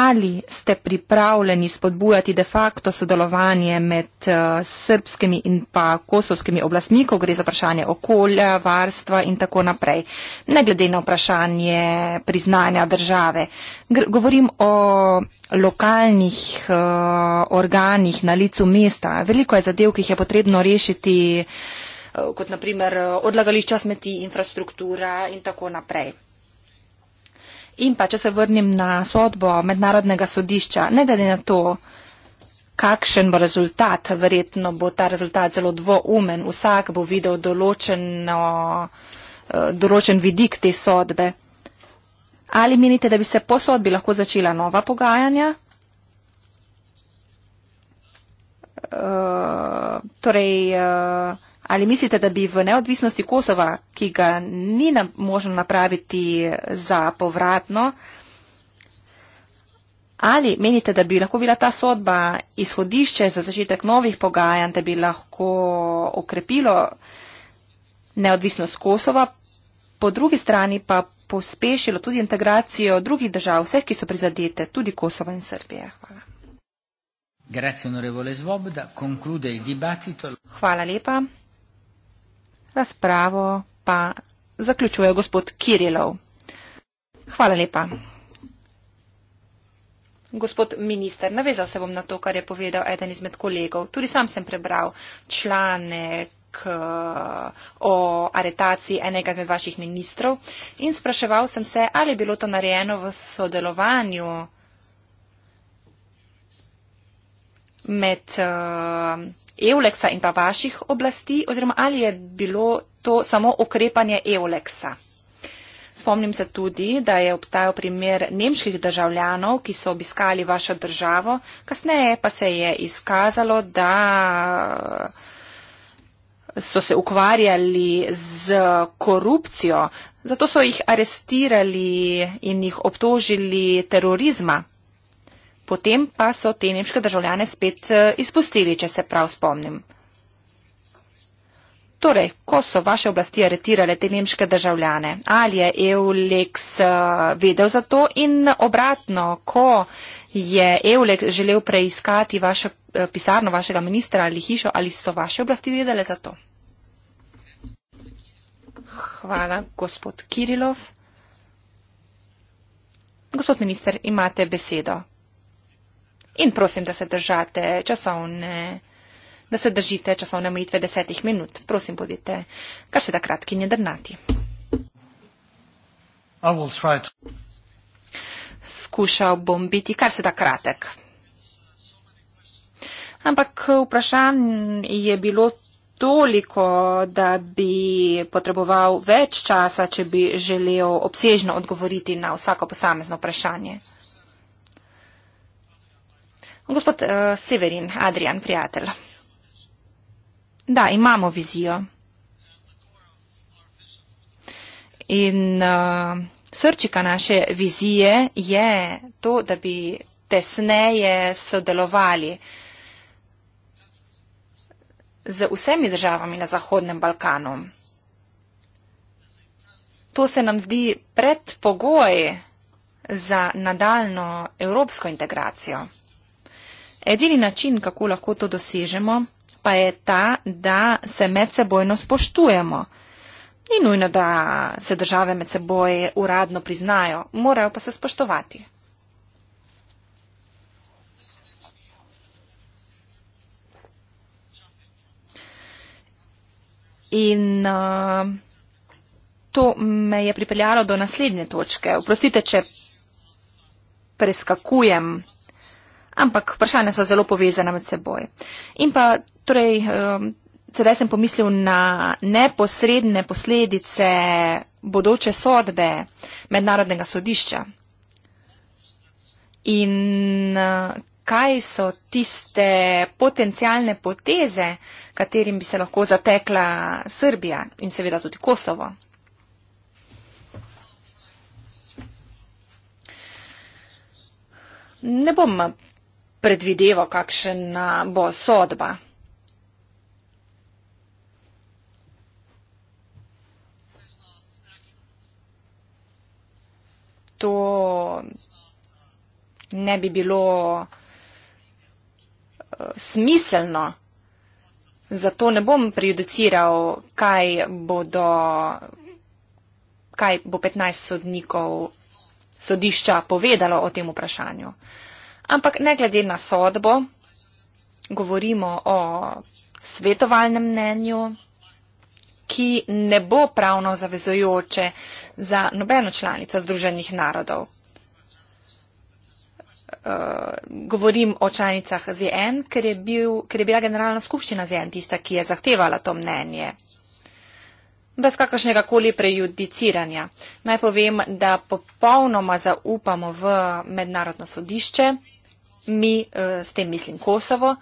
Ali ste pripravljeni spodbujati de facto sodelovanje med eh, srpskimi in pa kosovskimi oblastmi, ko gre za vprašanje okolja, varstva in tako naprej, ne glede na vprašanje priznanja države? Govorim o lokalnih eh, organih na licu mesta. Veliko je zadev, ki jih je potrebno rešiti, eh, kot naprimer odlagališča smeti, infrastruktura in tako naprej. In pa, če se vrnem na sodbo mednarodnega sodišča, ne glede na to, kakšen bo rezultat, verjetno bo ta rezultat zelo dvoumen, vsak bo videl določeno, eh, določen vidik te sodbe. Ali menite, da bi se po sodbi lahko začela nova pogajanja? Uh, torej, uh, Ali mislite, da bi v neodvisnosti Kosova, ki ga ni na, možno napraviti za povratno, ali menite, da bi lahko bila ta sodba izhodišče za začetek novih pogajanj, da bi lahko okrepilo neodvisnost Kosova, po drugi strani pa pospešilo tudi integracijo drugih držav, vseh, ki so prizadete, tudi Kosova in Srbije. Hvala. Grazie, onorevole Svoboda. Conclude il dibattito. Hvala lepa. Razpravo pa zaključuje gospod Kirilov. Hvala lepa. Gospod minister, navezal se bom na to, kar je povedal eden izmed kolegov. Tudi sam sem prebral članek eh, o aretaciji enega izmed vaših ministrov in spraševal sem se, ali je bilo to narejeno v sodelovanju. med uh, eh, Euleksa in pa vaših oblasti, oziroma ali je bilo to samo okrepanje Euleksa. Spomnim se tudi, da je obstajal primer nemških državljanov, ki so obiskali vašo državo, kasneje pa se je izkazalo, da so se ukvarjali z korupcijo, zato so jih arestirali in jih obtožili terorizma potem pa so te nemške državljane spet eh, izpustili, če se prav spomnim. Torej, ko so vaše oblasti aretirale te nemške državljane, ali je Eulex eh, vedel za to in obratno, ko je Eulex želel preiskati vaše eh, pisarno vašega ministra ali hišo, ali so vaše oblasti vedele za to? Hvala, gospod Kirilov. Gospod minister, imate besedo in prosim, da se držate časovne, da se držite časovne omejitve desetih minut. Prosim, bodite kar se da kratki in jedrnati. Skušal bom biti kar se da kratek. Ampak vprašanj je bilo toliko, da bi potreboval več časa, če bi želel obsežno odgovoriti na vsako posamezno vprašanje. Gospod uh, Severin, Adrian, prijatelj. Da, imamo vizijo. In uh, srčika naše vizije je to, da bi tesneje sodelovali z vsemi državami na Zahodnem Balkanu. To se nam zdi predpogoj za nadaljno evropsko integracijo. Edini način, kako lahko to dosežemo, pa je ta, da se med sebojno spoštujemo. Ni nujno, da se države med seboj uradno priznajo, morajo pa se spoštovati. In uh, to me je pripeljalo do naslednje točke. Oprostite, če preskakujem ampak vprašanja so zelo povezana med seboj. In pa torej, um, sedaj sem pomislil na neposredne posledice bodoče sodbe mednarodnega sodišča. In uh, kaj so tiste potencijalne poteze, katerim bi se lahko zatekla Srbija in seveda tudi Kosovo? Ne bom predvideval, kakšna bo sodba. To ne bi bilo eh, smiselno, zato ne bom prejudiciral, kaj, bodo, kaj bo 15 sodnikov sodišča povedalo o tem vprašanju. Ampak ne glede na sodbo, govorimo o svetovalnem mnenju, ki ne bo pravno zavezojoče za nobeno članico Združenih narodov. Eh, govorim o članicah ZN, ker je, bil, ker je bila generalna skupščina ZN tista, ki je zahtevala to mnenje. Brez kakršnega koli prejudiciranja. Naj povem, da popolnoma zaupamo v mednarodno sodišče mi eh, s tem mislim Kosovo.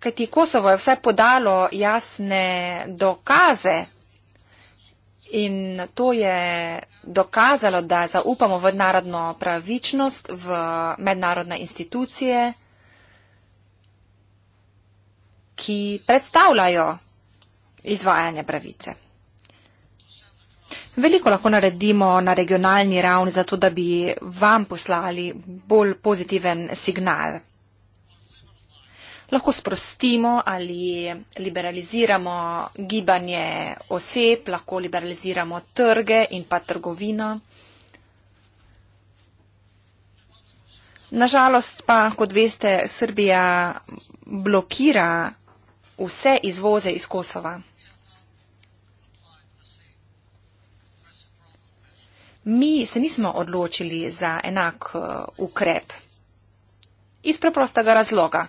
Kajti Kosovo je vse podalo jasne dokaze in to je dokazalo, da zaupamo v narodno pravičnost, v mednarodne institucije, ki predstavljajo izvajanje pravice. Veliko lahko naredimo na regionalni ravni, zato da bi vam poslali bolj pozitiven signal. Lahko sprostimo ali liberaliziramo gibanje oseb, lahko liberaliziramo trge in pa trgovino. Nažalost pa, kot veste, Srbija blokira vse izvoze iz Kosova. mi se nismo odločili za enak eh, ukrep. Iz preprostega razloga.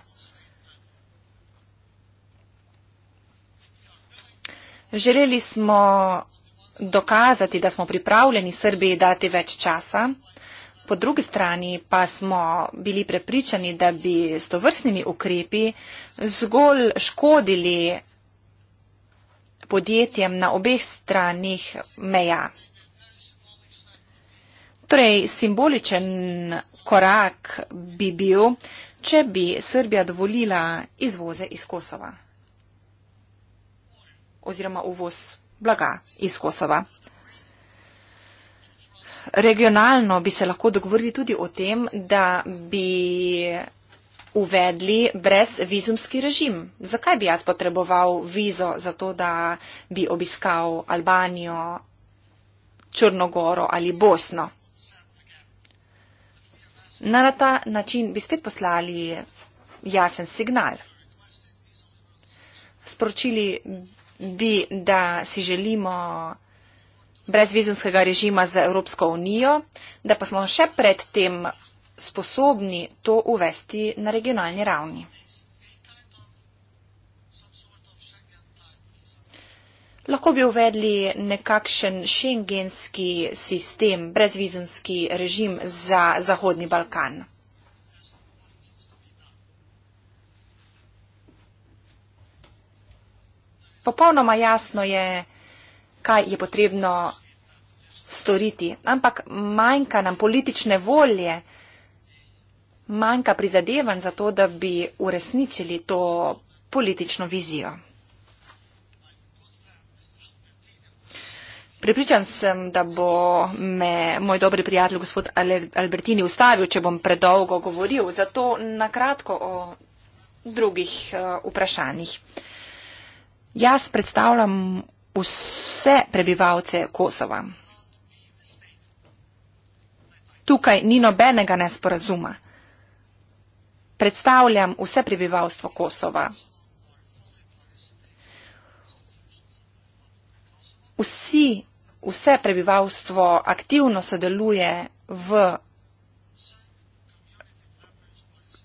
Želeli smo dokazati, da smo pripravljeni Srbiji dati več časa, po drugi strani pa smo bili prepričani, da bi s to vrstnimi ukrepi zgolj škodili podjetjem na obeh stranih meja. Torej, simboličen korak bi bil, če bi Srbija dovolila izvoze iz Kosova oziroma uvoz blaga iz Kosova. Regionalno bi se lahko dogovorili tudi o tem, da bi uvedli brez vizumski režim. Zakaj bi jaz potreboval vizo za to, da bi obiskal Albanijo, Črnogoro ali Bosno? Na ta način bi spet poslali jasen signal. Sporočili bi, da si želimo brez vizumskega režima z Evropsko unijo, da pa smo še predtem sposobni to uvesti na regionalni ravni. lahko bi uvedli nekakšen šengenski sistem, brezvizanski režim za Zahodni Balkan. Popolnoma jasno je, kaj je potrebno storiti, ampak manjka nam politične volje, manjka prizadevanj za to, da bi uresničili to politično vizijo. Prepričan sem, da bo me moj dobri prijatelj, gospod Albertini, ustavil, če bom predolgo govoril. Zato na kratko o drugih uh, vprašanjih. Jaz predstavljam vse prebivalce Kosova. Tukaj ni nobenega nesporazuma. Predstavljam vse prebivalstvo Kosova. Vsi vse prebivalstvo aktivno sodeluje v,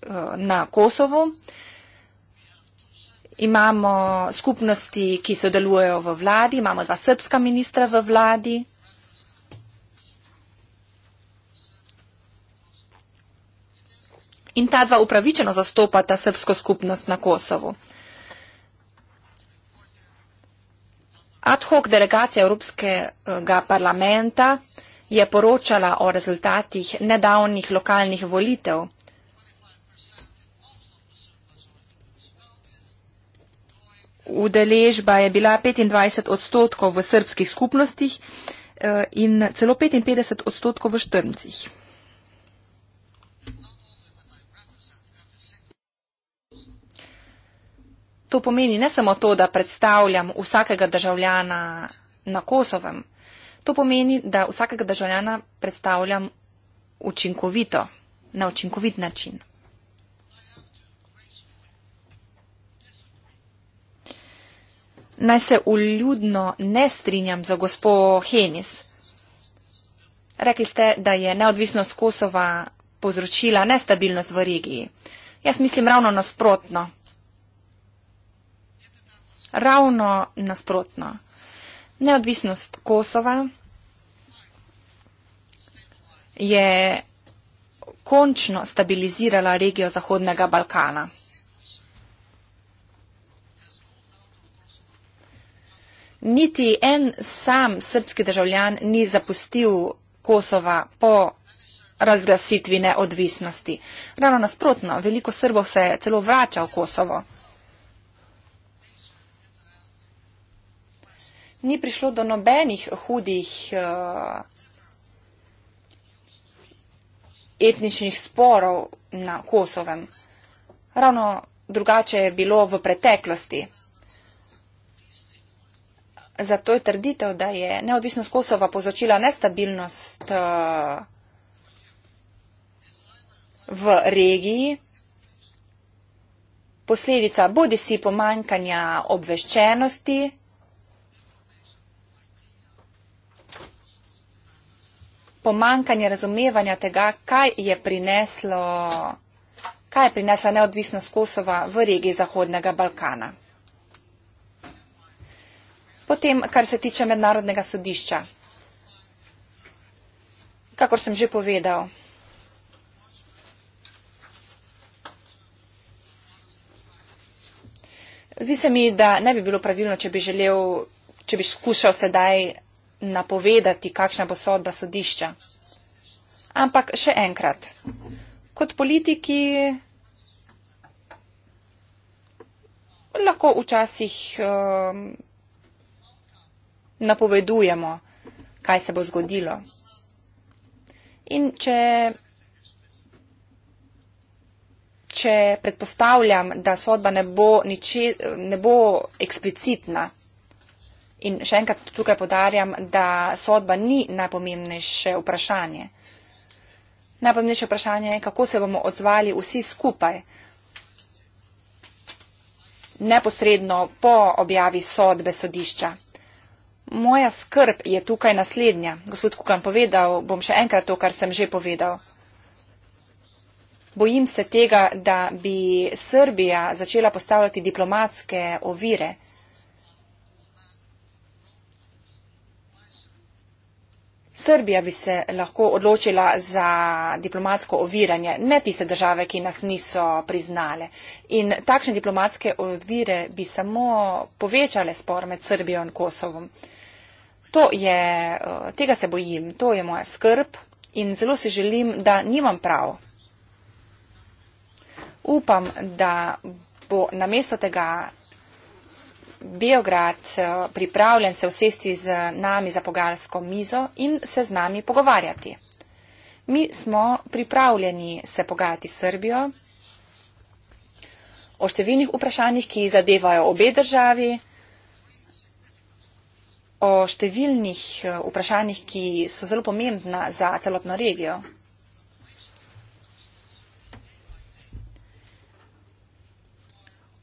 eh, na Kosovu. Imamo skupnosti, ki sodelujejo v vladi, imamo dva srpska ministra v vladi. In ta dva upravičeno zastopata srpsko skupnost na Kosovu. Ad hoc delegacija Evropskega parlamenta je poročala o rezultatih nedavnih lokalnih volitev. Udeležba je bila 25 odstotkov v srpskih skupnostih eh, in celo 55 odstotkov v štrncih. To pomeni ne samo to, da predstavljam vsakega državljana na Kosovem, to pomeni, da vsakega državljana predstavljam učinkovito, na učinkovit način. Naj se uljudno ne strinjam za gospo Henis. Rekli ste, da je neodvisnost Kosova povzročila nestabilnost v regiji. Jaz mislim ravno nasprotno ravno nasprotno. Neodvisnost Kosova je končno stabilizirala regijo Zahodnega Balkana. Niti en sam srpski državljan ni zapustil Kosova po razglasitvi neodvisnosti. Ravno nasprotno, veliko Srbov se celo vrača v Kosovo. ni prišlo do nobenih hudih uh, etničnih sporov na Kosovem. Ravno drugače je bilo v preteklosti. Zato je trditev, da je neodvisnost Kosova povzročila nestabilnost uh, v regiji, posledica bodi si pomankanja obveščenosti, pomankanje razumevanja tega, kaj je prineslo, kaj je prinesla neodvisnost Kosova v regiji Zahodnega Balkana. Potem, kar se tiče mednarodnega sodišča. Kakor sem že povedal, Zdi se mi, da ne bi bilo pravilno, če bi želel, če bi skušal sedaj napovedati, kakšna bo sodba sodišča. Ampak še enkrat, kot politiki lahko včasih um, napovedujemo, kaj se bo zgodilo. In če, če predpostavljam, da sodba ne bo, niče, ne bo eksplicitna, In še enkrat tukaj podarjam, da sodba ni najpomembnejše vprašanje. Najpomembnejše vprašanje je, kako se bomo odzvali vsi skupaj neposredno po objavi sodbe sodišča. Moja skrb je tukaj naslednja. Gospod Kukan povedal, bom še enkrat to, kar sem že povedal. Bojim se tega, da bi Srbija začela postavljati diplomatske ovire. Srbija bi se lahko odločila za diplomatsko oviranje, ne tiste države, ki nas niso priznale. In takšne diplomatske ovire bi samo povečale spor med Srbijo in Kosovom. To je, eh, tega se bojim, to je moja skrb in zelo si želim, da nimam prav. Upam, da bo namesto tega Beograd eh, pripravljen se usesti z nami za pogalsko mizo in se z nami pogovarjati. Mi smo pripravljeni se pogajati s Srbijo o številnih vprašanjih, ki zadevajo obe državi, o številnih eh, vprašanjih, ki so zelo pomembna za celotno regijo.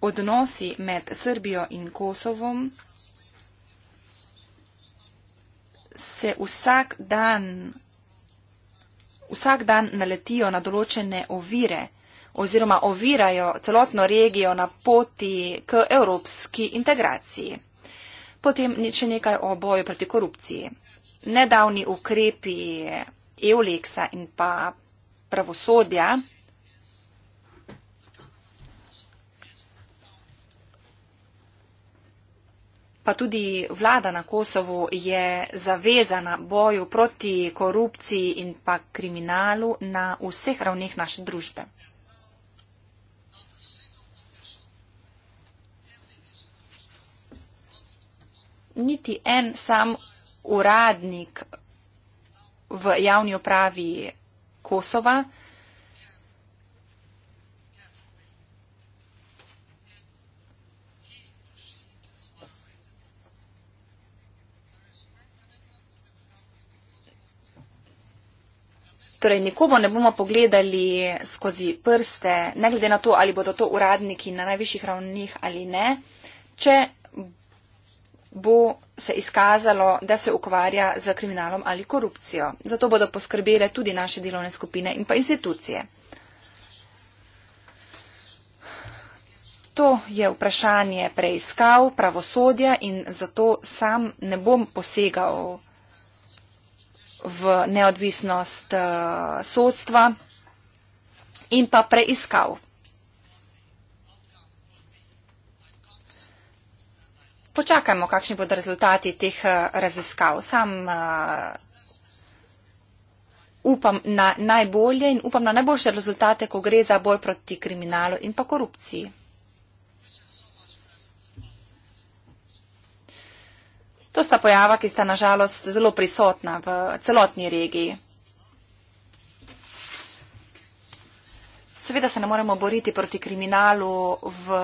odnosi med Srbijo in Kosovom se vsak dan, vsak dan naletijo na določene ovire oziroma ovirajo celotno regijo na poti k evropski integraciji. Potem še nekaj o boju proti korupciji. Nedavni ukrepi Euleksa in pa pravosodja pa tudi vlada na Kosovu je zavezana boju proti korupciji in pa kriminalu na vseh ravneh naše družbe. Niti en sam uradnik v javni upravi Kosova Torej, nikomu ne bomo pogledali skozi prste, ne glede na to, ali bodo to uradniki na najvišjih ravnih ali ne, če bo se izkazalo, da se ukvarja z kriminalom ali korupcijo. Zato bodo poskrbele tudi naše delovne skupine in pa institucije. To je vprašanje preiskav pravosodja in zato sam ne bom posegal v v neodvisnost eh, sodstva in pa preiskav. Počakajmo, kakšni bodo rezultati teh eh, raziskav. Sam eh, upam na najbolje in upam na najboljše rezultate, ko gre za boj proti kriminalu in pa korupciji. To sta pojava, ki sta nažalost zelo prisotna v celotni regiji. Seveda se ne moremo boriti proti kriminalu v,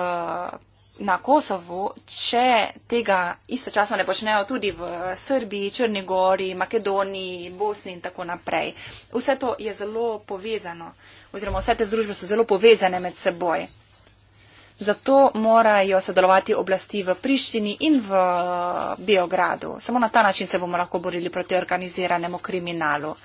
na Kosovu, če tega istočasno ne počnejo tudi v Srbiji, Črnegori, Makedoniji, Bosni in tako naprej. Vse to je zelo povezano oziroma vse te združbe so zelo povezane med seboj. Zato morajo sodelovati oblasti v Prištini in v eh, Beogradu. Samo na ta način se bomo lahko borili proti organiziranemu kriminalu.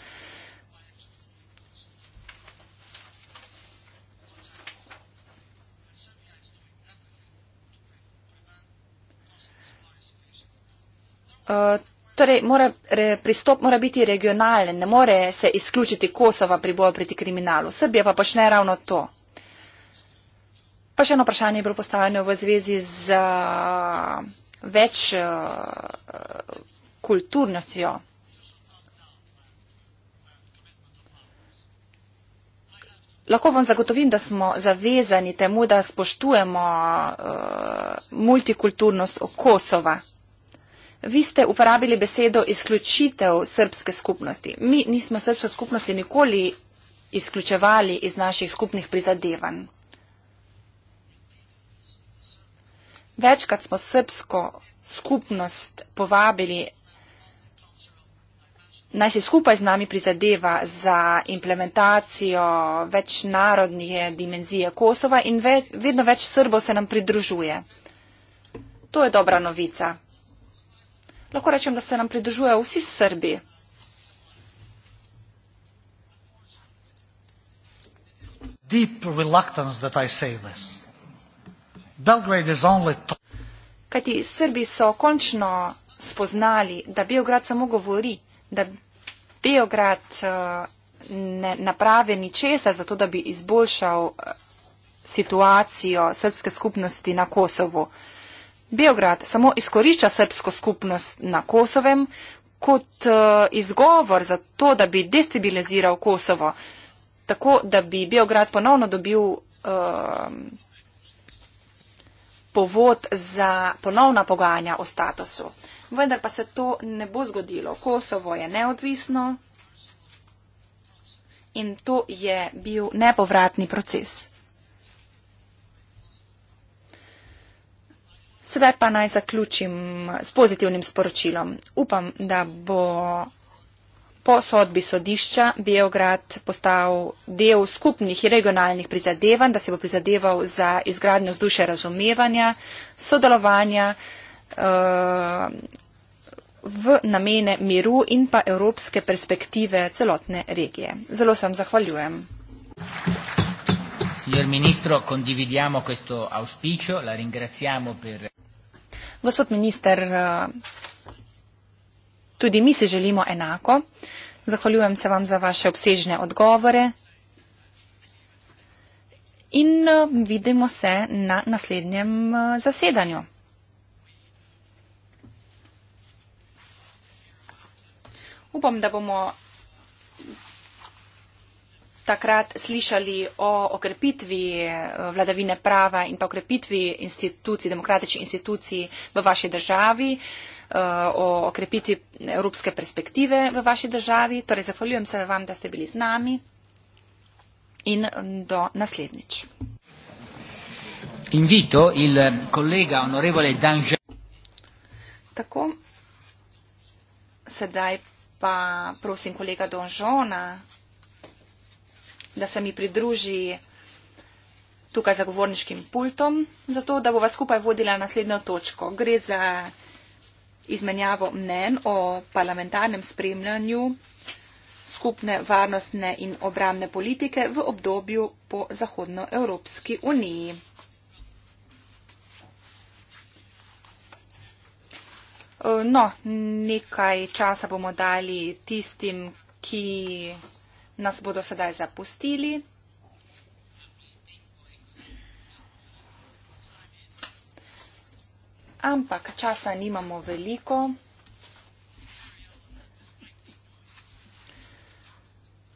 Eh, torej, mora, re, pristop mora biti regionalen, ne more se izključiti Kosova pri boju proti kriminalu. Srbija pa počne ravno to. Pa še eno vprašanje je bilo postavljeno v zvezi z uh, več uh, kulturnostjo. Lahko vam zagotovim, da smo zavezani temu, da spoštujemo uh, multikulturnost Kosova. Vi ste uporabili besedo izključitev srpske skupnosti. Mi nismo srpske skupnosti nikoli izključevali iz naših skupnih prizadevanj. Večkrat smo srpsko skupnost povabili, naj se skupaj z nami prizadeva za implementacijo večnarodnih dimenzije Kosova in ve, vedno več Srbov se nam pridružuje. To je dobra novica. Lahko rečem, da se nam pridružujejo vsi Srbi. Deep reluctance that I say this. Kajti Srbi so končno spoznali, da Beograd samo govori, da Beograd eh, ne naprave ničesar za to, da bi izboljšal eh, situacijo srpske skupnosti na Kosovu. Beograd samo izkorišča srpsko skupnost na Kosovem kot eh, izgovor za to, da bi destabiliziral Kosovo, tako da bi Beograd ponovno dobil. Uh, povod za ponovna pogajanja o statusu. Vendar pa se to ne bo zgodilo. Kosovo je neodvisno in to je bil nepovratni proces. Sedaj pa naj zaključim s pozitivnim sporočilom. Upam, da bo Po sodbi sodišča Beograd postal del skupnih regionalnih prizadevanj, da se bo prizadeval za izgradnjo vzdušja razumevanja, sodelovanja uh, v namene miru in pa evropske perspektive celotne regije. Zelo sem zahvaljujem. Gospod minister, uh, Tudi mi si želimo enako. Zahvaljujem se vam za vaše obsežne odgovore in eh, vidimo se na naslednjem eh, zasedanju. Upam, da bomo takrat slišali o okrepitvi eh, vladavine prava in pa okrepitvi institucij, demokratičnih institucij v vaši državi. Eh, o okrepitvi evropske perspektive v vaši državi. Torej, zahvaljujem se vam, da ste bili z nami in eh, do naslednjič. Invito il kolega onorevole Danže. Tako, sedaj pa prosim kolega Donžona, da se mi pridruži tukaj za govorniškim pultom, zato da bova skupaj vodila naslednjo točko. Gre za izmenjavo mnen o parlamentarnem spremljanju skupne varnostne in obramne politike v obdobju po Zahodnoevropski uniji. No, nekaj časa bomo dali tistim, ki nas bodo sedaj zapustili. ampak časa nimamo veliko.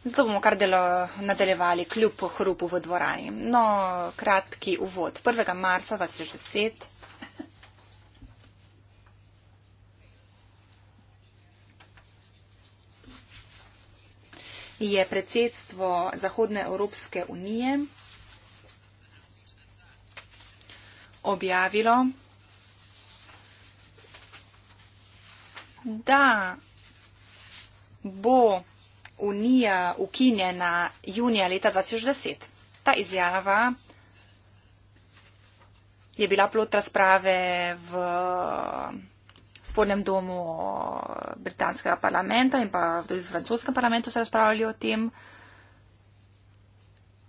Zato bomo kar delo nadaljevali kljub hrupu v dvorani. No, kratki uvod. 1. marca 2010. je predsedstvo Zahodne Evropske unije objavilo da bo unija ukinjena junija leta 2010. Ta izjava je bila plot razprave v spodnjem domu britanskega parlamenta in pa tudi v francoskem parlamentu so razpravljali o tem.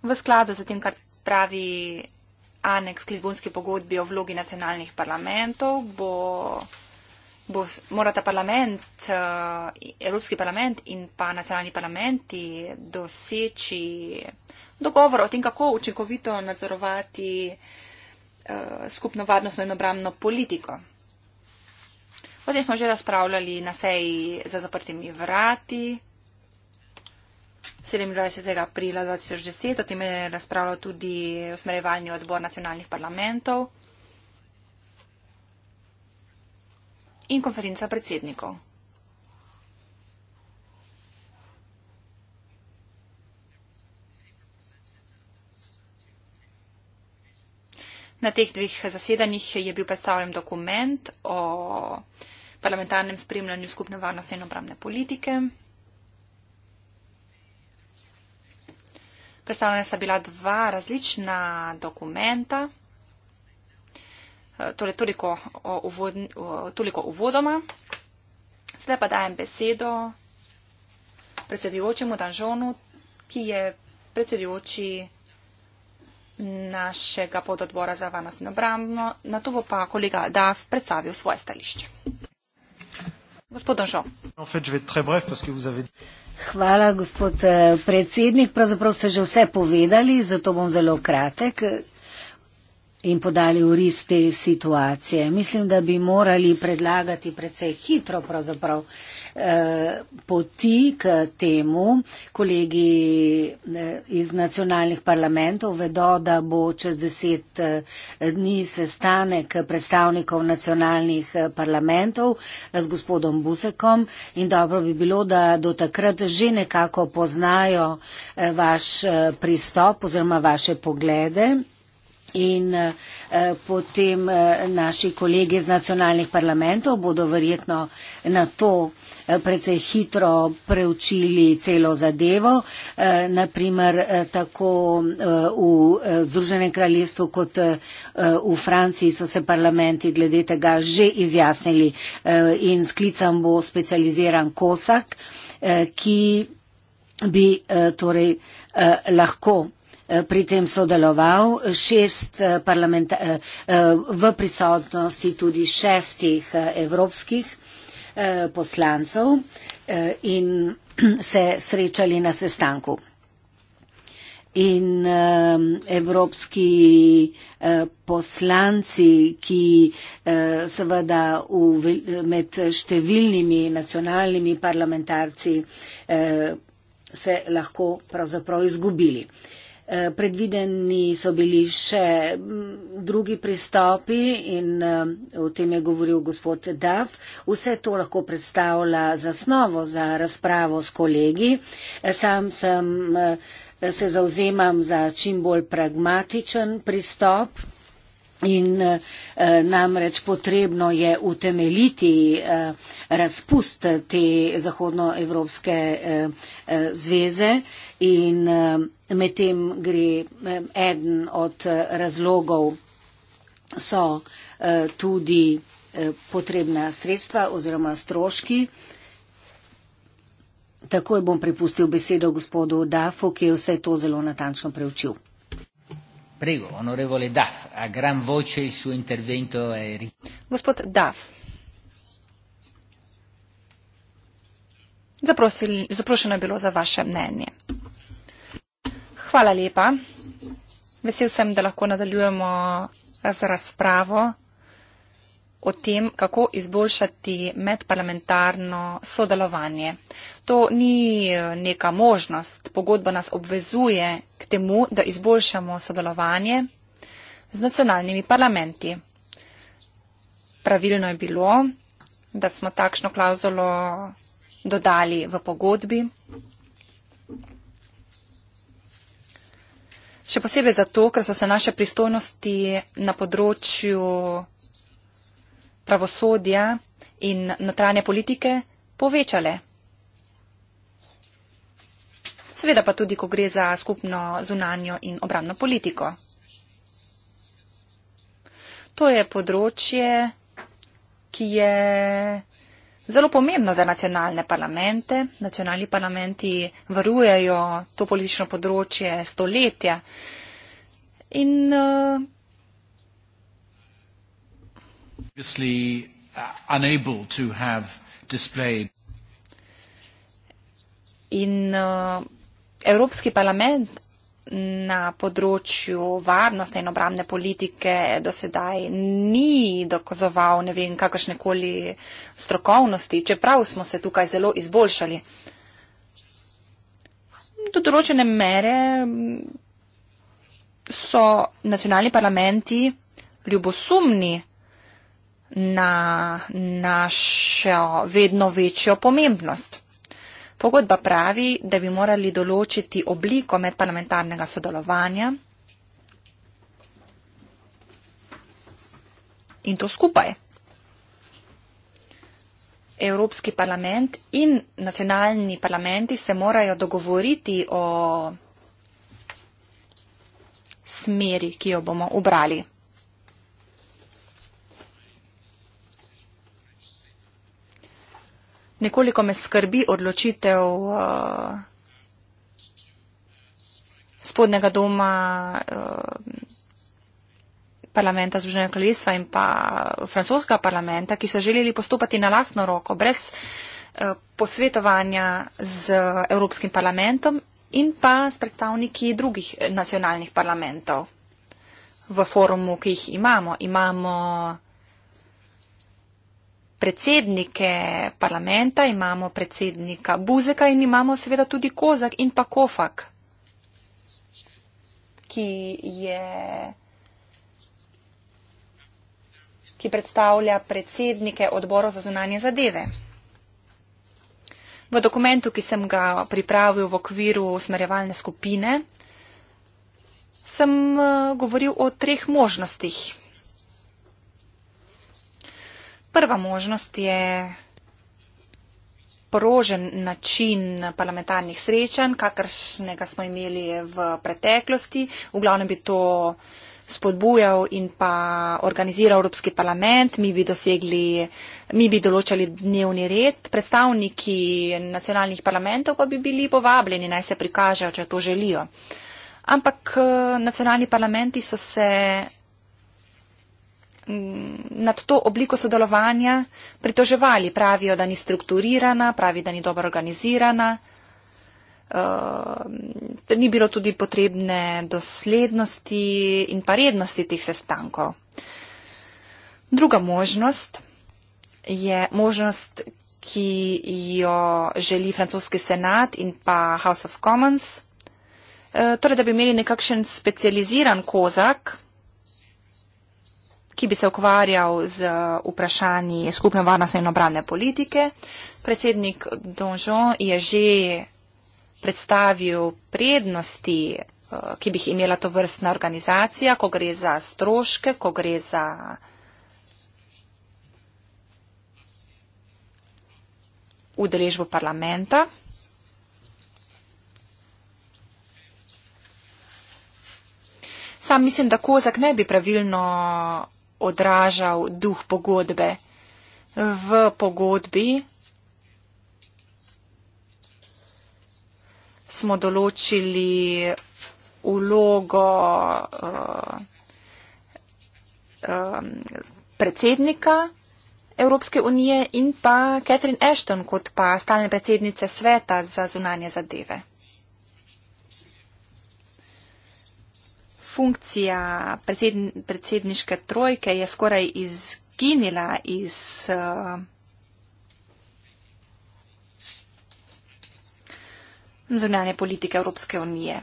V skladu z tem, kar pravi aneks k Lizbonski pogodbi o vlogi nacionalnih parlamentov, bo bo, morata parlament, eh, Evropski parlament in pa nacionalni parlamenti doseči dogovor o tem, kako učinkovito nadzorovati eh, skupno varnostno in obramno politiko. O tem smo že razpravljali na seji za zaprtimi vrati 27. aprila 2010. O tem je razpravljal tudi usmerjevalni odbor nacionalnih parlamentov. in konferenca predsednikov. Na teh dveh zasedanjih je bil predstavljen dokument o parlamentarnem spremljanju skupne varnostne in obramne politike. Predstavljena sta bila dva različna dokumenta. Eh, torej, toliko, o uvod, o, toliko uvodoma. Sedaj pa dajem besedo predsedujočemu Danžonu, ki je predsedujoči našega pododbora za varnost in obrambno. Na to bo pa kolega Dav predstavil svoje stališče. Gospod Danžon. Hvala, gospod eh, predsednik. Pravzaprav ste že vse povedali, zato bom zelo kratek in podali v res te situacije. Mislim, da bi morali predlagati predvsej hitro pravzaprav eh, poti k temu. Kolegi eh, iz nacionalnih parlamentov vedo, da bo čez deset eh, dni sestanek predstavnikov nacionalnih parlamentov z gospodom Busekom in dobro bi bilo, da do takrat že nekako poznajo vaš pristop oziroma vaše poglede. In eh, eh, potem eh, naši kolegi iz nacionalnih parlamentov bodo verjetno na to eh, precej hitro preučili celo zadevo. Eh, naprimer, eh, tako eh, v eh, Združenem kraljestvu kot eh, v Franciji so se parlamenti glede tega že izjasnili eh, in sklican bo specializiran kosak, eh, ki bi eh, torej, eh, lahko Eh, pri tem sodeloval šest eh, parlamenta, eh, v prisotnosti tudi šestih evropskih poslancev in se srečali na sestanku. In evropski poslanci, ki seveda v, med številnimi nacionalnimi parlamentarci se lahko pravzaprav izgubili. Eh, predvideni so bili še mm, drugi pristopi in eh, o tem je govoril gospod Daf. Vse to lahko predstavlja zasnovo za razpravo s kolegi. Eh, sam sem, se zauzemam za čim bolj pragmatičen pristop. In eh, namreč potrebno je utemeliti eh, razpust te Zahodnoevropske eh, zveze in eh, Medtem gre eh, eden od eh, razlogov, so eh, tudi potrebna sredstva oziroma stroški. Takoj bom pripustil besedo gospodu Dafu, ki je vse to zelo natančno preučil. Prego, onorevole Daf, a gran voce il suo intervento è ri... Gospod Daf. Zaprosil, zaprošeno je bilo za vaše mnenje. Hvala lepa. Vesel sem, da lahko nadaljujemo z razpravo o tem, kako izboljšati medparlamentarno sodelovanje. To ni eh, neka možnost. Pogodba nas obvezuje k temu, da izboljšamo sodelovanje z nacionalnimi parlamenti. Pravilno je bilo, da smo takšno klauzulo dodali v pogodbi. Še posebej zato, ker so se naše pristojnosti na področju pravosodja in notranje politike povečale. Sveda pa tudi, ko gre za skupno zunanjo in obramno politiko. To je področje, ki je Zelo pomembno za nacionalne parlamente. Nacionalni parlamenti varujejo to politično področje stoletja. In, eh, uh, in uh, Evropski parlament na področju varnostne in obramne politike dosedaj ni dokazoval, ne vem, kakršnekoli strokovnosti, čeprav smo se tukaj zelo izboljšali. Do določene mere so nacionalni parlamenti ljubosumni na našo vedno večjo pomembnost. Pogodba pravi, da bi morali določiti obliko medparlamentarnega sodelovanja in to skupaj. Evropski parlament in nacionalni parlamenti se morajo dogovoriti o smeri, ki jo bomo obrali. Nekoliko me skrbi odločitev uh, eh, spodnega doma uh, parlamenta Združenega kraljestva in pa francoskega parlamenta, ki so želeli postopati na lastno roko, brez uh, posvetovanja z Evropskim parlamentom in pa s predstavniki drugih nacionalnih parlamentov v forumu, ki jih imamo. Imamo predsednike parlamenta, imamo predsednika Buzeka in imamo seveda tudi Kozak in pa Kofak, ki je ki predstavlja predsednike odborov za zunanje zadeve. V dokumentu, ki sem ga pripravil v okviru usmerjevalne skupine, sem eh, govoril o treh možnostih prva možnost je porožen način parlamentarnih srečanj, kakršnega smo imeli v preteklosti. V glavnem bi to spodbujal in pa organiziral Evropski parlament, mi bi, dosegli, mi bi določali dnevni red, predstavniki nacionalnih parlamentov pa bi bili povabljeni, naj se prikažejo, če to želijo. Ampak eh, nacionalni parlamenti so se Mm, nad to obliko sodelovanja pritoževali. Pravijo, da ni strukturirana, pravijo, da ni dobro organizirana. Uh, ni bilo tudi potrebne doslednosti in pa rednosti teh sestankov. Druga možnost je možnost, ki jo želi francoski senat in pa House of Commons, uh, torej da bi imeli nekakšen specializiran kozak, ki bi se ukvarjal z uh, vprašanji skupne varnostne in obrane politike. Predsednik Donjon je že predstavil prednosti, uh, ki bi jih imela to vrstna organizacija, ko gre za stroške, ko gre za. udeležbo parlamenta. Sam mislim, da Kozak ne bi pravilno odražal duh pogodbe. V pogodbi smo določili ulogo uh, eh, um, predsednika Evropske unije in pa Catherine Ashton kot pa stalne predsednice sveta za zunanje zadeve. funkcija predsedn predsedniške trojke je skoraj izginila iz uh, zunanje politike Evropske unije.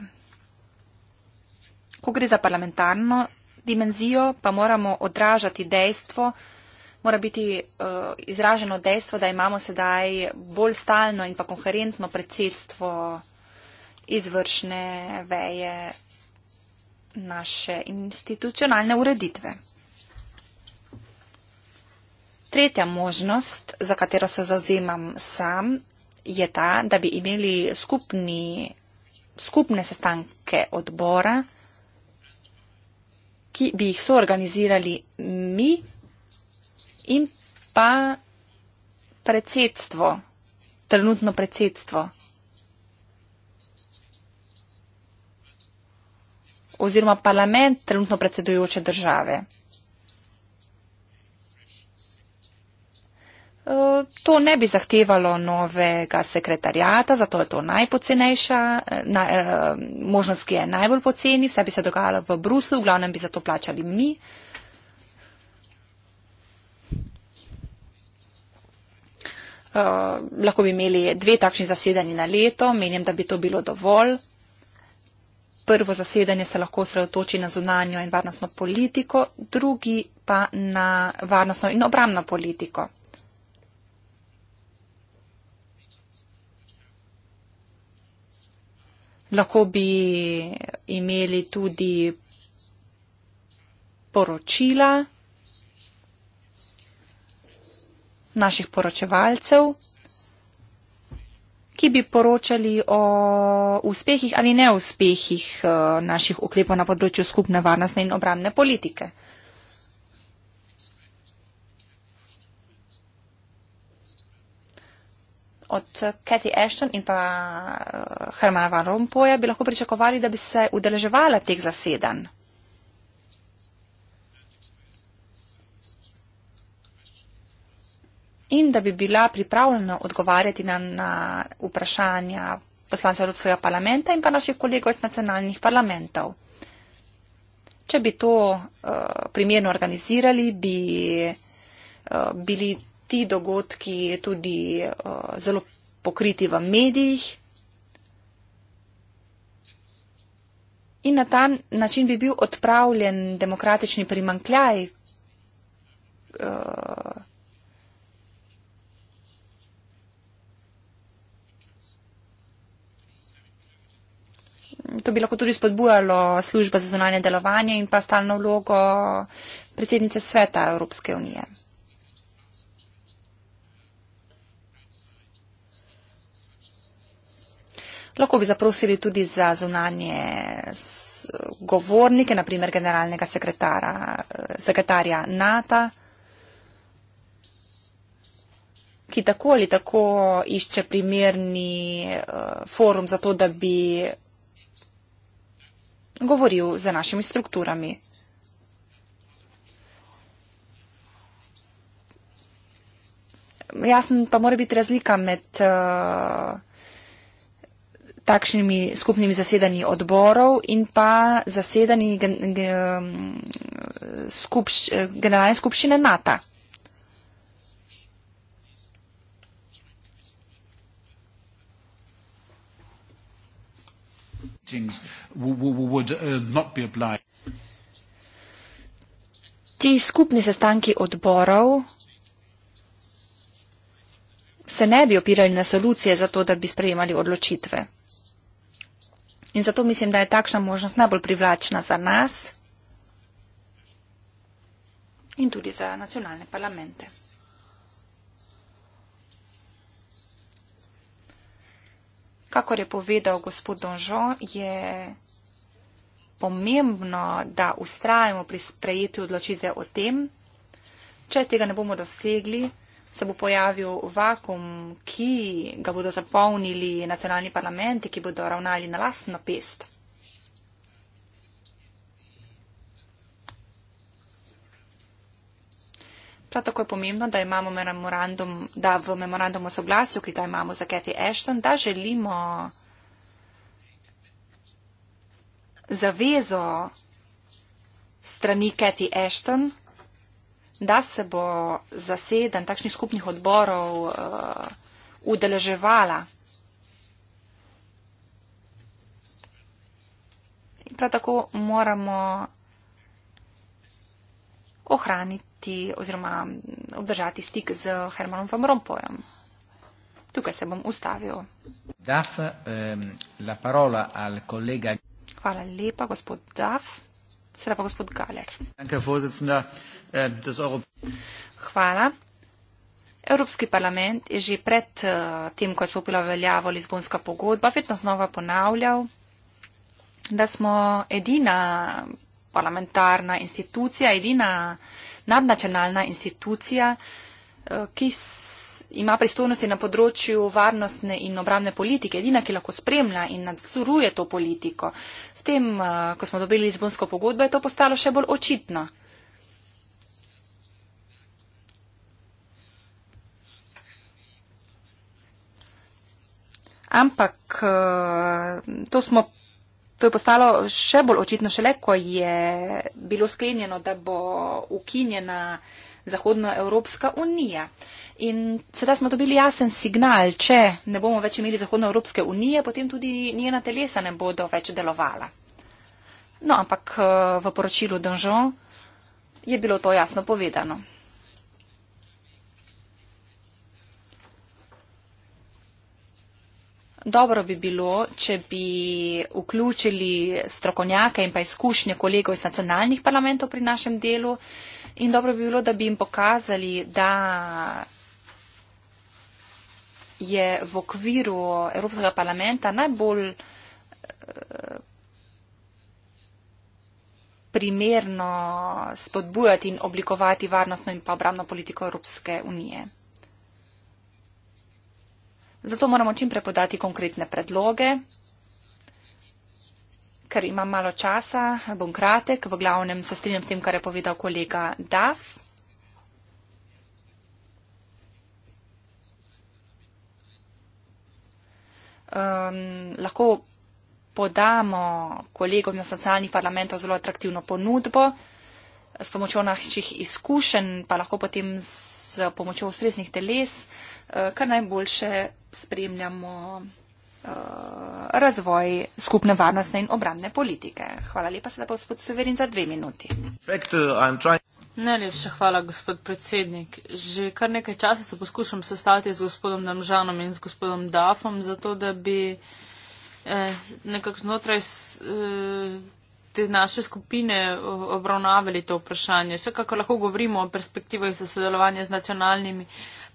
Ko gre za parlamentarno dimenzijo, pa moramo odražati dejstvo, mora biti uh, izraženo dejstvo, da imamo sedaj bolj stalno in pa koherentno predsedstvo izvršne veje naše institucionalne ureditve. Tretja možnost, za katero se zauzemam sam, je ta, da bi imeli skupni, skupne sestanke odbora, ki bi jih soorganizirali mi in pa predsedstvo, trenutno predsedstvo oziroma parlament trenutno predsedujoče države. E, to ne bi zahtevalo novega sekretarjata, zato je to najpocenejša e, na, e, možnost, ki je najbolj poceni. Vse bi se dogajalo v Bruslu, v glavnem bi za to plačali mi. Lahko bi imeli dve takšni zasedanji na leto, menim, da bi to bilo dovolj prvo zasedanje se lahko sredotoči na zunanjo in varnostno politiko, drugi pa na varnostno in obramno politiko. Lahko bi imeli tudi poročila naših poročevalcev ki bi poročali o uspehih ali neuspehih eh, naših ukrepov na področju skupne varnostne in obramne politike. Od Cathy Ashton in pa eh, Hermana Van Rompuyja bi lahko pričakovali, da bi se udeleževala teh zasedanj. in da bi bila pripravljena odgovarjati na, na vprašanja poslanca Evropskega parlamenta in pa naših kolegov iz nacionalnih parlamentov. Če bi to uh, primerno organizirali, bi uh, bili ti dogodki tudi uh, zelo pokriti v medijih. In na ta način bi bil odpravljen demokratični primankljaj, uh, to bi lahko tudi spodbujalo služba za zunanje delovanje in pa stalno vlogo predsednice sveta Evropske unije. Lahko bi zaprosili tudi za zunanje govornike, naprimer generalnega sekretara, sekretarja NATO, ki tako ali tako išče primerni eh, forum za to, da bi govoril za našimi strukturami. Jasno pa mora biti razlika med uh, takšnimi skupnimi zasedanji odborov in pa zasedanji gen, gen, mm, skupš, eh, generalne skupščine NATO. things would uh, not be applied. Ti skupni sestanki odborov se ne bi opirali na solucije za to, da bi sprejemali odločitve. In zato mislim, da je takšna možnost najbolj privlačna za nas in tudi za nacionalne parlamente. Kakor je povedal gospod Donžon, je pomembno, da ustrajamo pri sprejetju odločitve o tem. Če tega ne bomo dosegli, se bo pojavil vakum, ki ga bodo zapolnili nacionalni parlamenti, ki bodo ravnali na lastno pest. Prav tako je pomembno, da imamo memorandum, da v memorandumu soglasju, ki ga imamo za Kathy Ashton, da želimo zavezo strani Kathy Ashton, da se bo zaseden takšnih skupnih odborov uh, udeleževala. Prav tako moramo ohraniti obiskati oziroma obdržati stik z Hermanom van Rompojem. Tukaj se bom ustavil. Daf, um, ehm, kolega... Hvala lepa, gospod Daf. Sedaj pa gospod Galer. Ehm, Hvala. Evropski parlament je že pred eh, tem, ko je stopila veljavo Lizbonska pogodba, vedno znova ponavljal, da smo edina parlamentarna institucija, edina nadnacionalna institucija, eh, ki ima pristojnosti na področju varnostne in obramne politike, edina, ki lahko spremlja in nadzoruje to politiko. S tem, eh, ko smo dobili Lizbonsko pogodbo, je to postalo še bolj očitno. Ampak eh, to smo To je postalo še bolj očitno šele, ko je bilo sklenjeno, da bo ukinjena Zahodnoevropska unija. In sedaj smo dobili jasen signal, če ne bomo več imeli Zahodnoevropske unije, potem tudi njena telesa ne bodo več delovala. No, ampak eh, v poročilu Donžon je bilo to jasno povedano. Dobro bi bilo, če bi vključili strokovnjake in pa izkušnje kolegov iz nacionalnih parlamentov pri našem delu in dobro bi bilo, da bi jim pokazali, da je v okviru Evropskega parlamenta najbolj eh, primerno spodbujati in oblikovati varnostno in pa obramno politiko Evropske unije. Zato moramo čim prej podati konkretne predloge, ker imam malo časa, bom kratek, v glavnem se strinjam s tem, kar je povedal kolega Daf. Um, lahko podamo kolegom na socialnih parlamentov zelo atraktivno ponudbo s pomočjo naših izkušenj, pa lahko potem s pomočjo ustreznih teles, uh, kar najboljše spremljamo uh, razvoj skupne varnostne in obramne politike. Hvala lepa se, da bo gospod Suverin za dve minuti. Uh, Najlepša hvala, gospod predsednik. Že kar nekaj časa se poskušam sestati z gospodom Damžanom in z gospodom Dafom, zato da bi eh, nekako znotraj s, eh, te naše skupine obravnavali to vprašanje. Vsekakor lahko govorimo o perspektivah za sodelovanje z nacionalnimi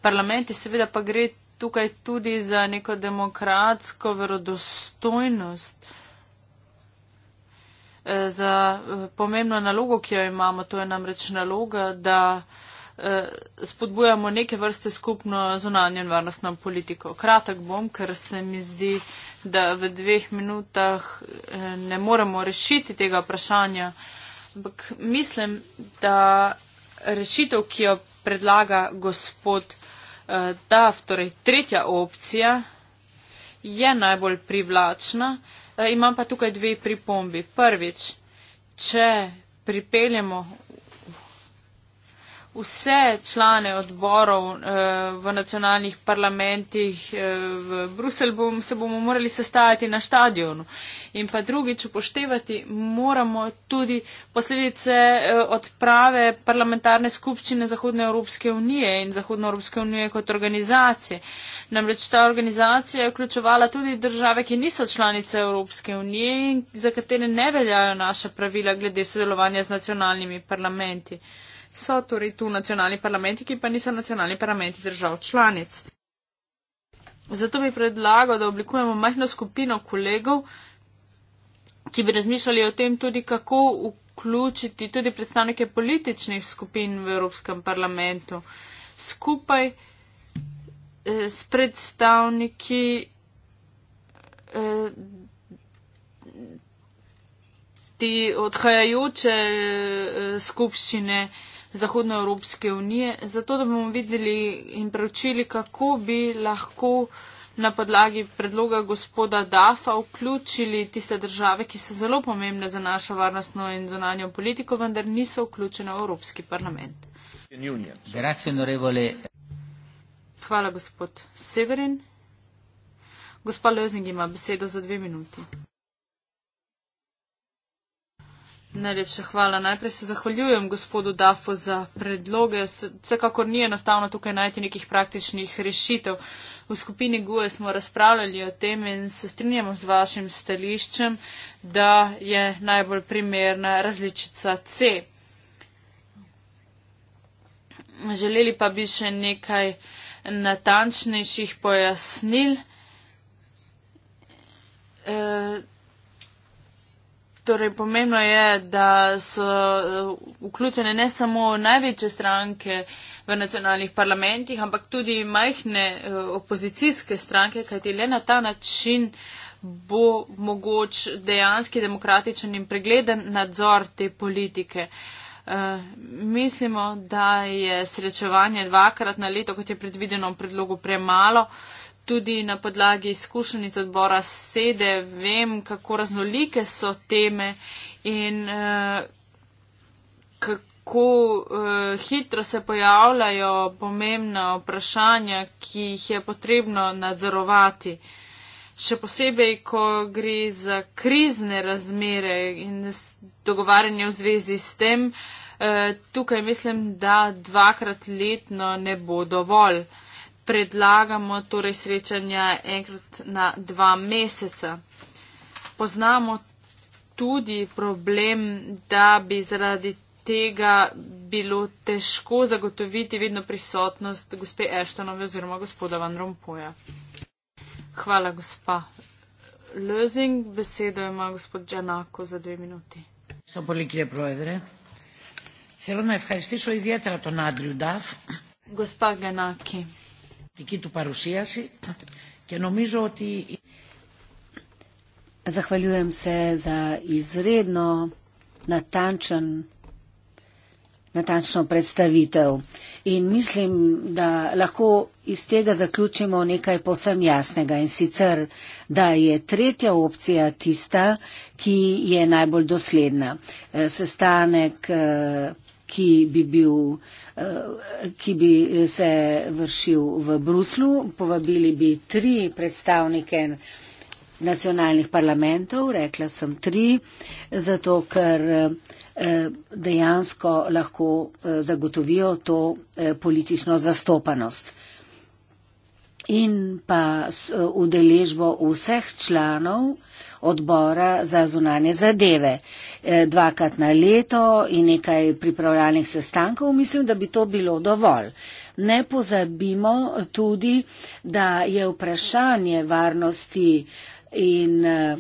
parlamenti, seveda pa gre tukaj tudi za neko demokratsko verodostojnost, eh, za eh, pomembno nalogo, ki jo imamo. To je namreč naloga, da eh, spodbujamo neke vrste skupno zunanje in varnostno politiko. Kratek bom, ker se mi zdi, da v dveh minutah ne moremo rešiti tega vprašanja. Ampak mislim, da rešitev, ki jo predlaga gospod uh, da, torej tretja opcija je najbolj privlačna. E, imam pa tukaj dve pripombi. Prvič, če pripeljemo vse člane odborov eh, v nacionalnih parlamentih eh, v Bruselj bom, se bomo morali sestajati na stadionu. In pa drugič upoštevati moramo tudi posledice eh, odprave parlamentarne skupščine Zahodne Evropske unije in Zahodne Evropske unije kot organizacije. Namreč ta organizacija je vključevala tudi države, ki niso članice Evropske unije in za katere ne veljajo naša pravila glede sodelovanja z nacionalnimi parlamenti so torej tu nacionalni parlamenti, ki pa niso nacionalni parlamenti držav članic. Zato bi predlagal, da oblikujemo majhno skupino kolegov, ki bi razmišljali o tem tudi, kako vključiti tudi predstavnike političnih skupin v Evropskem parlamentu skupaj eh, s predstavniki eh, ti odhajajoče eh, skupščine Zahodnoevropske unije, zato da bomo videli in preučili, kako bi lahko na podlagi predloga gospoda Dafa vključili tiste države, ki so zelo pomembne za našo varnostno in zonanjo politiko, vendar niso vključene v Evropski parlament. Hvala, gospod Severin. Gospa Lozing ima besedo za dve minuti. Najlepša hvala. Najprej se zahvaljujem gospodu Dafo za predloge. Vsekakor ni enostavno tukaj najti nekih praktičnih rešitev. V skupini GUE smo razpravljali o tem in se strinjamo z vašim stališčem, da je najbolj primerna različica C. Želeli pa bi še nekaj natančnejših pojasnil. E, Torej, pomembno je, da so eh, vključene ne samo največje stranke v nacionalnih parlamentih, ampak tudi majhne eh, opozicijske stranke, kajti le na ta način bo mogoč dejanski demokratičen in pregleden nadzor te politike. Uh, mislimo, da je srečevanje dvakrat na leto, kot je predvideno v predlogu, premalo. Uh, tudi na podlagi izkušenj iz odbora sede, vem, kako raznolike so teme in uh, kako uh, hitro se pojavljajo pomembna vprašanja, ki jih je potrebno nadzorovati. Še posebej, ko gre za krizne razmere in dogovarjanje v zvezi s tem, eh, tukaj mislim, da dvakrat letno ne bo dovolj predlagamo torej srečanja enkrat na dva meseca. Poznamo tudi problem, da bi zaradi tega bilo težko zagotoviti vedno prisotnost gospe Eštanove oziroma gospoda Van Rompoja. Hvala, gospa Lözing. Besedo ima gospod Džanako za dve minuti. So polikle provedre. Celo na FHR slišal izjetra to nadljudav. Gospa Genaki, δική του παρουσίαση και νομίζω ότι... Zahvaljujem se za izredno natančen, natančno predstavitev in mislim, da lahko iz tega zaključimo nekaj posem jasnega in sicer, da je tretja opcija tista, ki je najbolj dosledna. Eh, sestanek eh, ki bi, bil, eh, ki bi se vršil v Bruslu. Povabili bi tri predstavnike nacionalnih parlamentov, rekla sem tri, zato ker eh, dejansko lahko eh, zagotovijo to politično zastopanost in pa s eh, udeležbo vseh članov odbora za zunanje zadeve. Eh, dvakrat na leto in nekaj pripravljalnih sestankov, mislim, da bi to bilo dovolj. Ne pozabimo tudi, da je vprašanje varnosti in eh,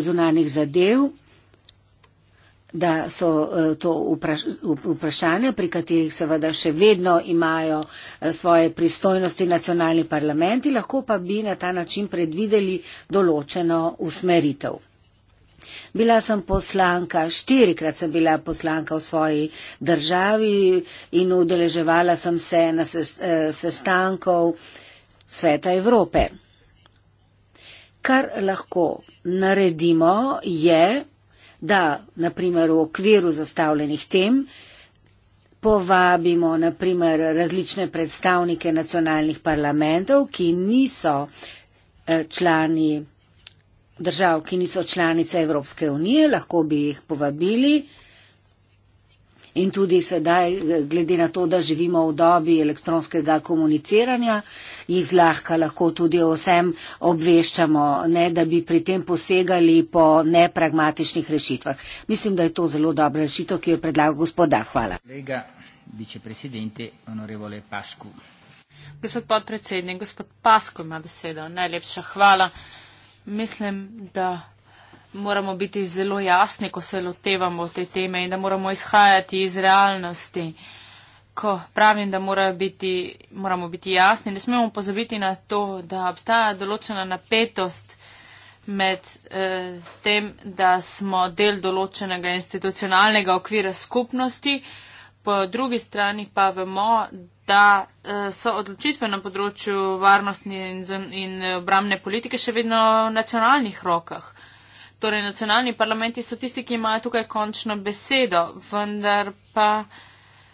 zunanih zadev da so eh, to vprašanja, pri katerih seveda še vedno imajo eh, svoje pristojnosti nacionalni parlamenti, lahko pa bi na ta način predvideli določeno usmeritev. Bila sem poslanka, štirikrat sem bila poslanka v svoji državi in udeleževala sem se na eh, sestankov Sveta Evrope. Kar lahko naredimo je, da naprimer v okviru zastavljenih tem povabimo naprimer različne predstavnike nacionalnih parlamentov, ki niso eh, člani držav, ki niso članice Evropske unije, lahko bi jih povabili in tudi sedaj, glede na to, da živimo v dobi elektronskega komuniciranja, jih zlahka lahko tudi o vsem obveščamo, ne da bi pri tem posegali po nepragmatičnih rešitvah. Mislim, da je to zelo dobra rešitev, ki jo predlaga gospoda. Hvala. Gospod podpredsednik, gospod Pasko ima besedo. Najlepša hvala. Mislim, da moramo biti zelo jasni, ko se lotevamo te teme in da moramo izhajati iz realnosti. Ko pravim, da mora biti, moramo biti jasni, ne smemo pozabiti na to, da obstaja določena napetost med eh, tem, da smo del določenega institucionalnega okvira skupnosti, po drugi strani pa vemo, da eh, so odločitve na področju varnostne in, in eh, obramne politike še vedno v nacionalnih rokah torej nacionalni parlamenti so tisti, ki imajo tukaj končno besedo, vendar pa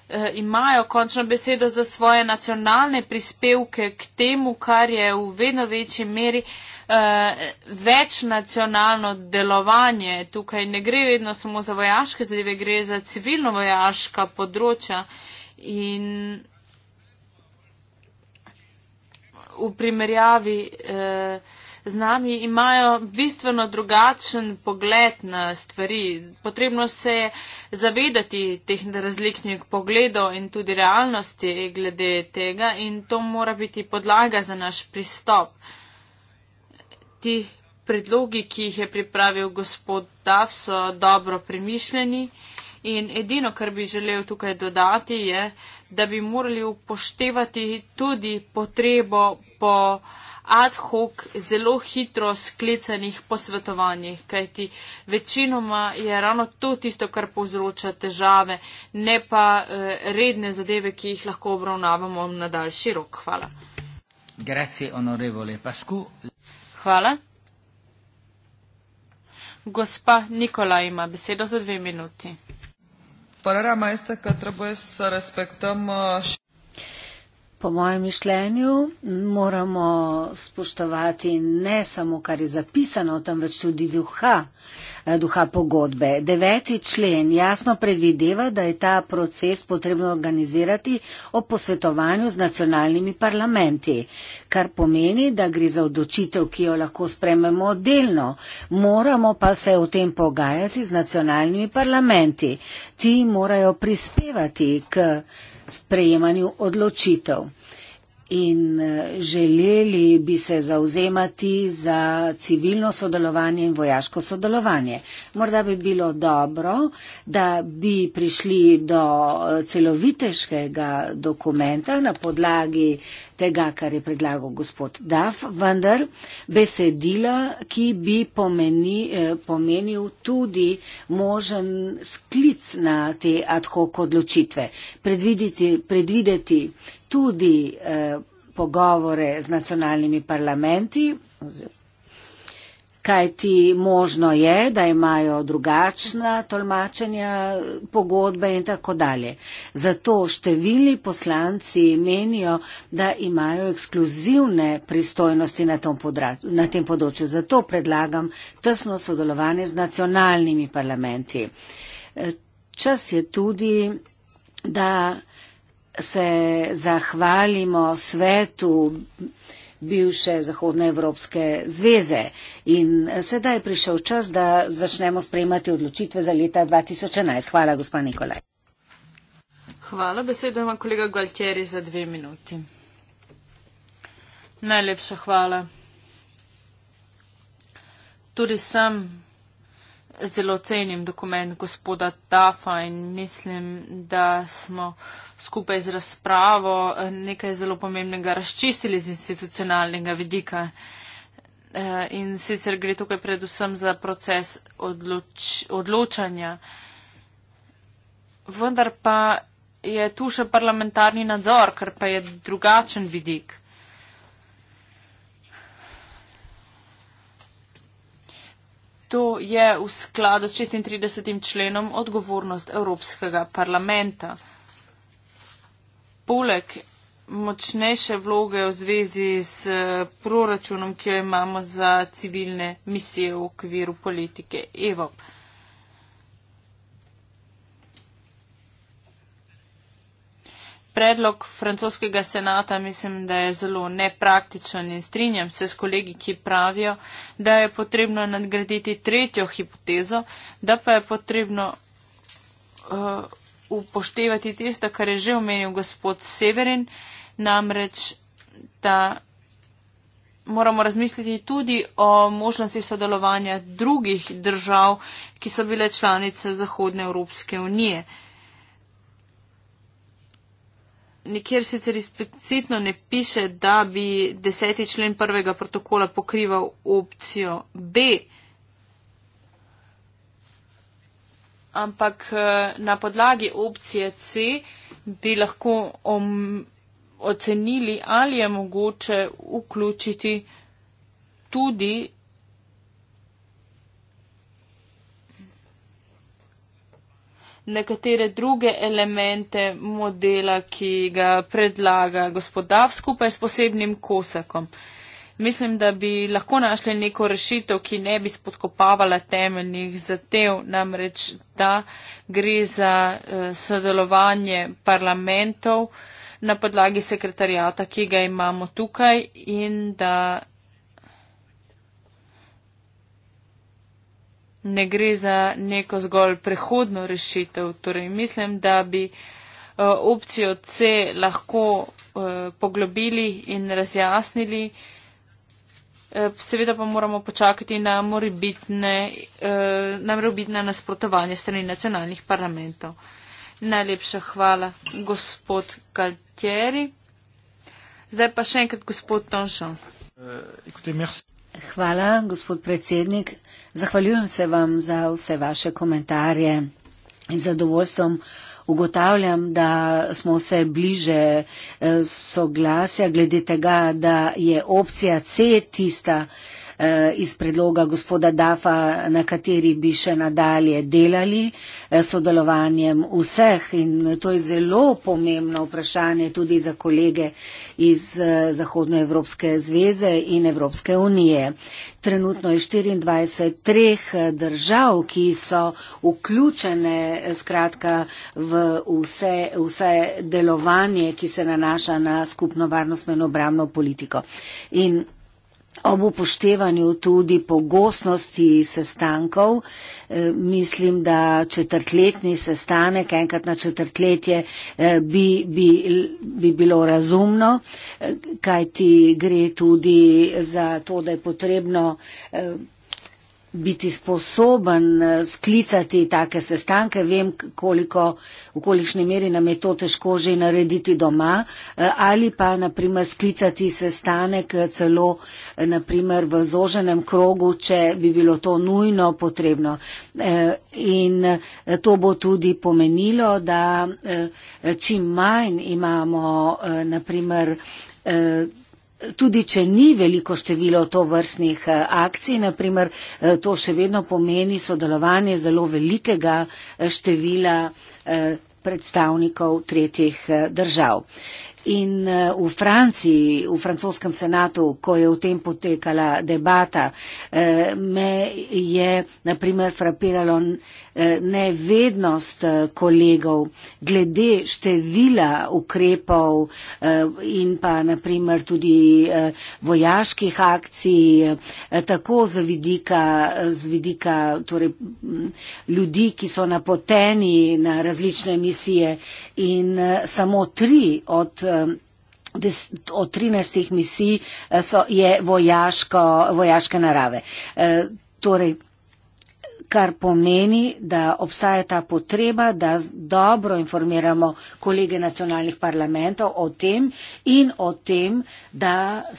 eh, imajo končno besedo za svoje nacionalne prispevke k temu, kar je v vedno večji meri eh, večnacionalno delovanje. Tukaj ne gre vedno samo za vojaške zadeve, gre za civilno-vojaška področja. In v primerjavi eh, z nami, imajo bistveno drugačen pogled na stvari. Potrebno se je zavedati teh različnih pogledov in tudi realnosti glede tega in to mora biti podlaga za naš pristop. Ti predlogi, ki jih je pripravil gospod Dav, so dobro premišljeni. In edino, kar bi želel tukaj dodati, je, da bi morali upoštevati tudi potrebo po uh, ad hoc, zelo hitro sklicanih posvetovanjih, kajti večinoma je ravno to tisto, kar povzroča težave, ne pa eh, redne zadeve, ki jih lahko obravnavamo na daljši rok. Hvala. Grazie, onorevole Pascu. Hvala. Gospa Nikola ima besedo za dve minuti. Parerama esta que a través de respecto a... Uh, Po mojem mišljenju moramo spoštovati ne samo, kar je zapisano, temveč tudi duha, eh, duha pogodbe. Deveti člen jasno predvideva, da je ta proces potrebno organizirati o posvetovanju z nacionalnimi parlamenti, kar pomeni, da gre za odločitev, ki jo lahko sprememo delno. Moramo pa se o tem pogajati z nacionalnimi parlamenti. Ti morajo prispevati k sprejemanju odločitev in eh, želeli bi se zauzemati za civilno sodelovanje in vojaško sodelovanje. Morda bi bilo dobro, da bi prišli do eh, celoviteškega dokumenta na podlagi tega, kar je predlagal gospod Daf, vendar besedila, ki bi pomeni, eh, pomenil tudi možen sklic na te ad hoc odločitve. Predvideti, predvideti tudi eh, pogovore z nacionalnimi parlamenti, kaj ti možno je, da imajo drugačna tolmačenja pogodbe in tako dalje. Zato številni poslanci menijo, da imajo ekskluzivne pristojnosti na tem, podra, na tem področju. Zato predlagam tesno sodelovanje z nacionalnimi parlamenti. Eh, čas je tudi, da se zahvalimo svetu bivše Zahodne Evropske zveze. In sedaj je prišel čas, da začnemo sprejemati odločitve za leta 2011. Hvala, gospa Nikolaj. Hvala, besedo ima kolega Gualtieri za dve minuti. Najlepša hvala. Tudi sam zelo cenim dokument gospoda Tafa in mislim, da smo skupaj z razpravo eh, nekaj zelo pomembnega razčistili z institucionalnega vidika. Eh, in sicer gre tukaj predvsem za proces odloč odločanja. Vendar pa je tu še parlamentarni nadzor, kar pa je drugačen vidik. To je v skladu s 36. členom odgovornost Evropskega parlamenta poleg močnejše vloge v zvezi z eh, proračunom, ki jo imamo za civilne misije v okviru politike EVO? Predlog francoskega senata mislim, da je zelo nepraktičen in strinjam se s kolegi, ki pravijo, da je potrebno nadgraditi tretjo hipotezo, da pa je potrebno uh, upoštevati tisto, kar je že omenil gospod Severin, namreč, da moramo razmisliti tudi o možnosti sodelovanja drugih držav, ki so bile članice Zahodne Evropske unije. Nikjer sicer izplicitno ne piše, da bi deseti člen prvega protokola pokrival opcijo B, ampak eh, na podlagi opcije C bi lahko ocenili, ali je mogoče vključiti tudi nekatere druge elemente modela, ki ga predlaga gospodav skupaj s posebnim kosakom. Uh, mislim, da bi lahko našli neko rešitev, ki ne bi spodkopavala temeljnih zatev, namreč da gre za eh, sodelovanje parlamentov na podlagi sekretarjata, ki ga imamo tukaj in da ne gre za neko zgolj prehodno rešitev. Torej, mislim, da bi eh, opcijo C lahko eh, poglobili in razjasnili. Eh, seveda pa moramo počakati na morbitne, eh, na morbitne nasprotovanje strani nacionalnih parlamentov. Najlepša hvala, gospod Kaltieri. Zdaj pa še enkrat, gospod Tonšov. Hvala, gospod predsednik. Zahvaljujem se vam za vse vaše komentarje in zadovoljstvom ugotavljam, da smo vse bliže eh, soglasja glede tega, da je opcija C tista, Eh, iz predloga gospoda Dafa, na kateri bi še nadalje delali eh, sodelovanjem vseh. In to je zelo pomembno vprašanje tudi za kolege iz eh, Zahodne Evropske zveze in Evropske unije. Trenutno je 24 treh držav, ki so vključene skratka v vse, vse delovanje, ki se nanaša na skupno varnostno in obramno politiko. In Ob upoštevanju tudi pogostnosti sestankov, eh, mislim, da četrtletni sestanek, enkrat na četrtletje, eh, bi, bi, bi bilo razumno, eh, kaj ti gre tudi za to, da je potrebno biti sposoben eh, sklicati take sestanke. Vem, koliko, v kolikšni meri nam je to težko že narediti doma eh, ali pa naprimer sklicati sestanek eh, celo naprimer v zoženem krogu, če bi bilo to nujno potrebno. In to bo tudi pomenilo, da čim manj imamo naprimer Tudi, če ni veliko število to vrstnih eh, akcij, naprimer, eh, to še vedno pomeni sodelovanje zelo velikega eh, števila predstavnikov tretjih držav. In v Franciji, v francoskem senatu, ko je v tem potekala debata, me je naprimer frapiralo Eh, nevednost eh, kolegov glede števila ukrepov eh, in pa naprimer tudi vojaških akcij, tako z vidika, z vidika torej, mm, ljudi, ki so napoteni na različne misije in samo tri od. Od 13 misij so, je vojaško, vojaške narave. E, torej, kar pomeni, da obstaja ta potreba, da dobro informiramo kolege nacionalnih parlamentov o tem in o tem, da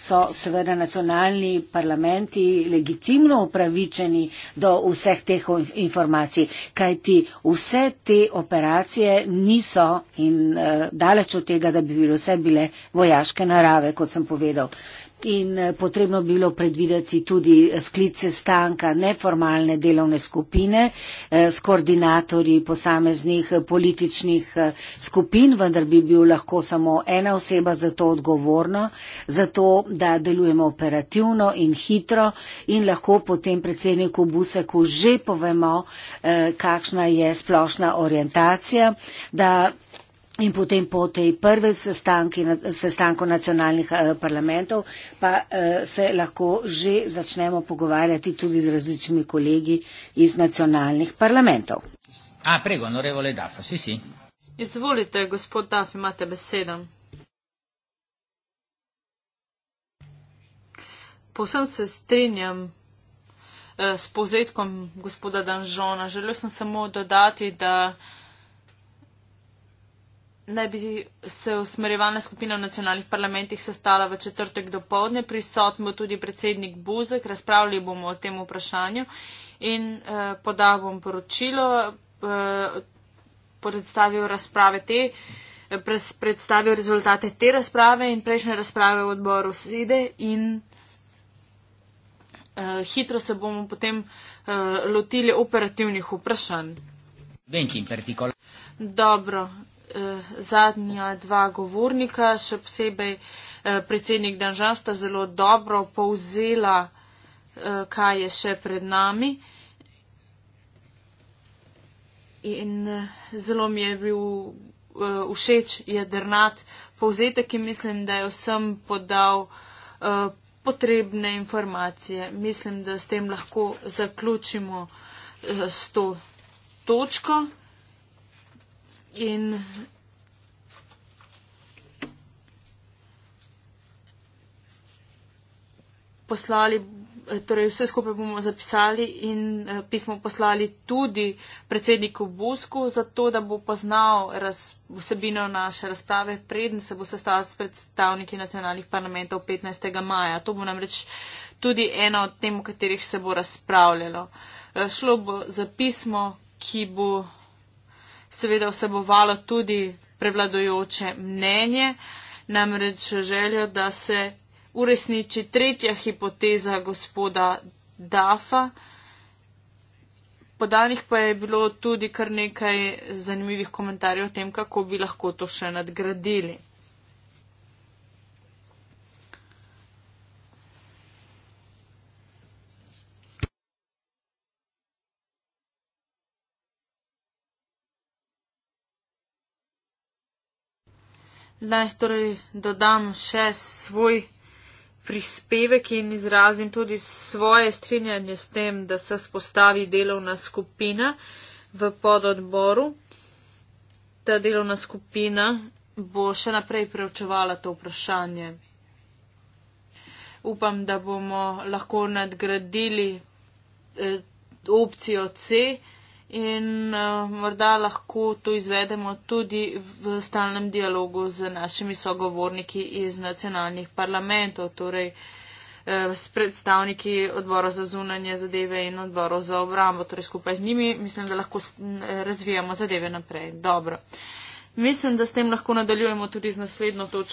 so seveda nacionalni parlamenti legitimno upravičeni do vseh teh informacij, kajti vse te operacije niso in eh, daleč od tega, da bi bile vse bile vojaške narave, kot sem povedal. In eh, potrebno bi bilo predvideti tudi sklice stanka neformalne delovne skupine eh, s koordinatorji posameznih eh, političnih skupin, vendar bi bil lahko samo ena oseba za to odgovorna, za to, da delujemo operativno in hitro in lahko potem predsedniku Buseku že povemo, kakšna je splošna orientacija, da In potem po tej prve sestanku nacionalnih eh, parlamentov pa eh, se lahko že začnemo pogovarjati tudi z različnimi kolegi iz nacionalnih parlamentov. A, ah, prego, onorevole Dafa, si si. Izvolite, gospod Daf, imate besedo. Povsem se strinjam eh, s povzetkom gospoda Danžona. Želel sem samo dodati, da naj bi se usmerjevalna skupina v nacionalnih parlamentih sestala v četrtek do povdne, prisotno tudi predsednik Buzek, razpravljali bomo o tem vprašanju in eh, podal bom poročilo, eh, predstavil razprave te, predstavil rezultate te razprave in prejšnje razprave v odboru SIDE in eh, hitro se bomo potem eh, lotili operativnih vprašanj. Dobro eh, zadnja dva govornika, še posebej eh, predsednik Danžansta, zelo dobro povzela, eh, kaj je še pred nami. In eh, zelo mi je bil eh, všeč jedrnat povzetek in mislim, da je vsem podal eh, potrebne informacije. Mislim, da s tem lahko zaključimo eh, s to točko in poslali, torej vse skupaj bomo zapisali in eh, pismo poslali tudi predsedniku Busku, zato da bo poznal raz, vsebino naše razprave, preden se bo sestal s predstavniki nacionalnih parlamentov 15. maja. To bo namreč tudi ena od tem, o katerih se bo razpravljalo. Eh, šlo bo za pismo, ki bo seveda vsebovalo tudi prevladojoče mnenje, namreč željo, da se uresniči tretja hipoteza gospoda Dafa. Podanih pa je bilo tudi kar nekaj zanimivih komentarjev o tem, kako bi lahko to še nadgradili. Naj torej dodam še svoj prispevek in izrazim tudi svoje strinjanje s tem, da se spostavi delovna skupina v pododboru. Ta delovna skupina bo še naprej preučevala to vprašanje. Upam, da bomo lahko nadgradili eh, opcijo C in uh, morda lahko to izvedemo tudi v stalnem dialogu z našimi sogovorniki iz nacionalnih parlamentov, torej eh, s predstavniki odbora za zunanje zadeve in odbora za obrambo. Torej skupaj z njimi mislim, da lahko razvijamo zadeve naprej. Dobro. Mislim, da s tem lahko nadaljujemo tudi z naslednjo točko.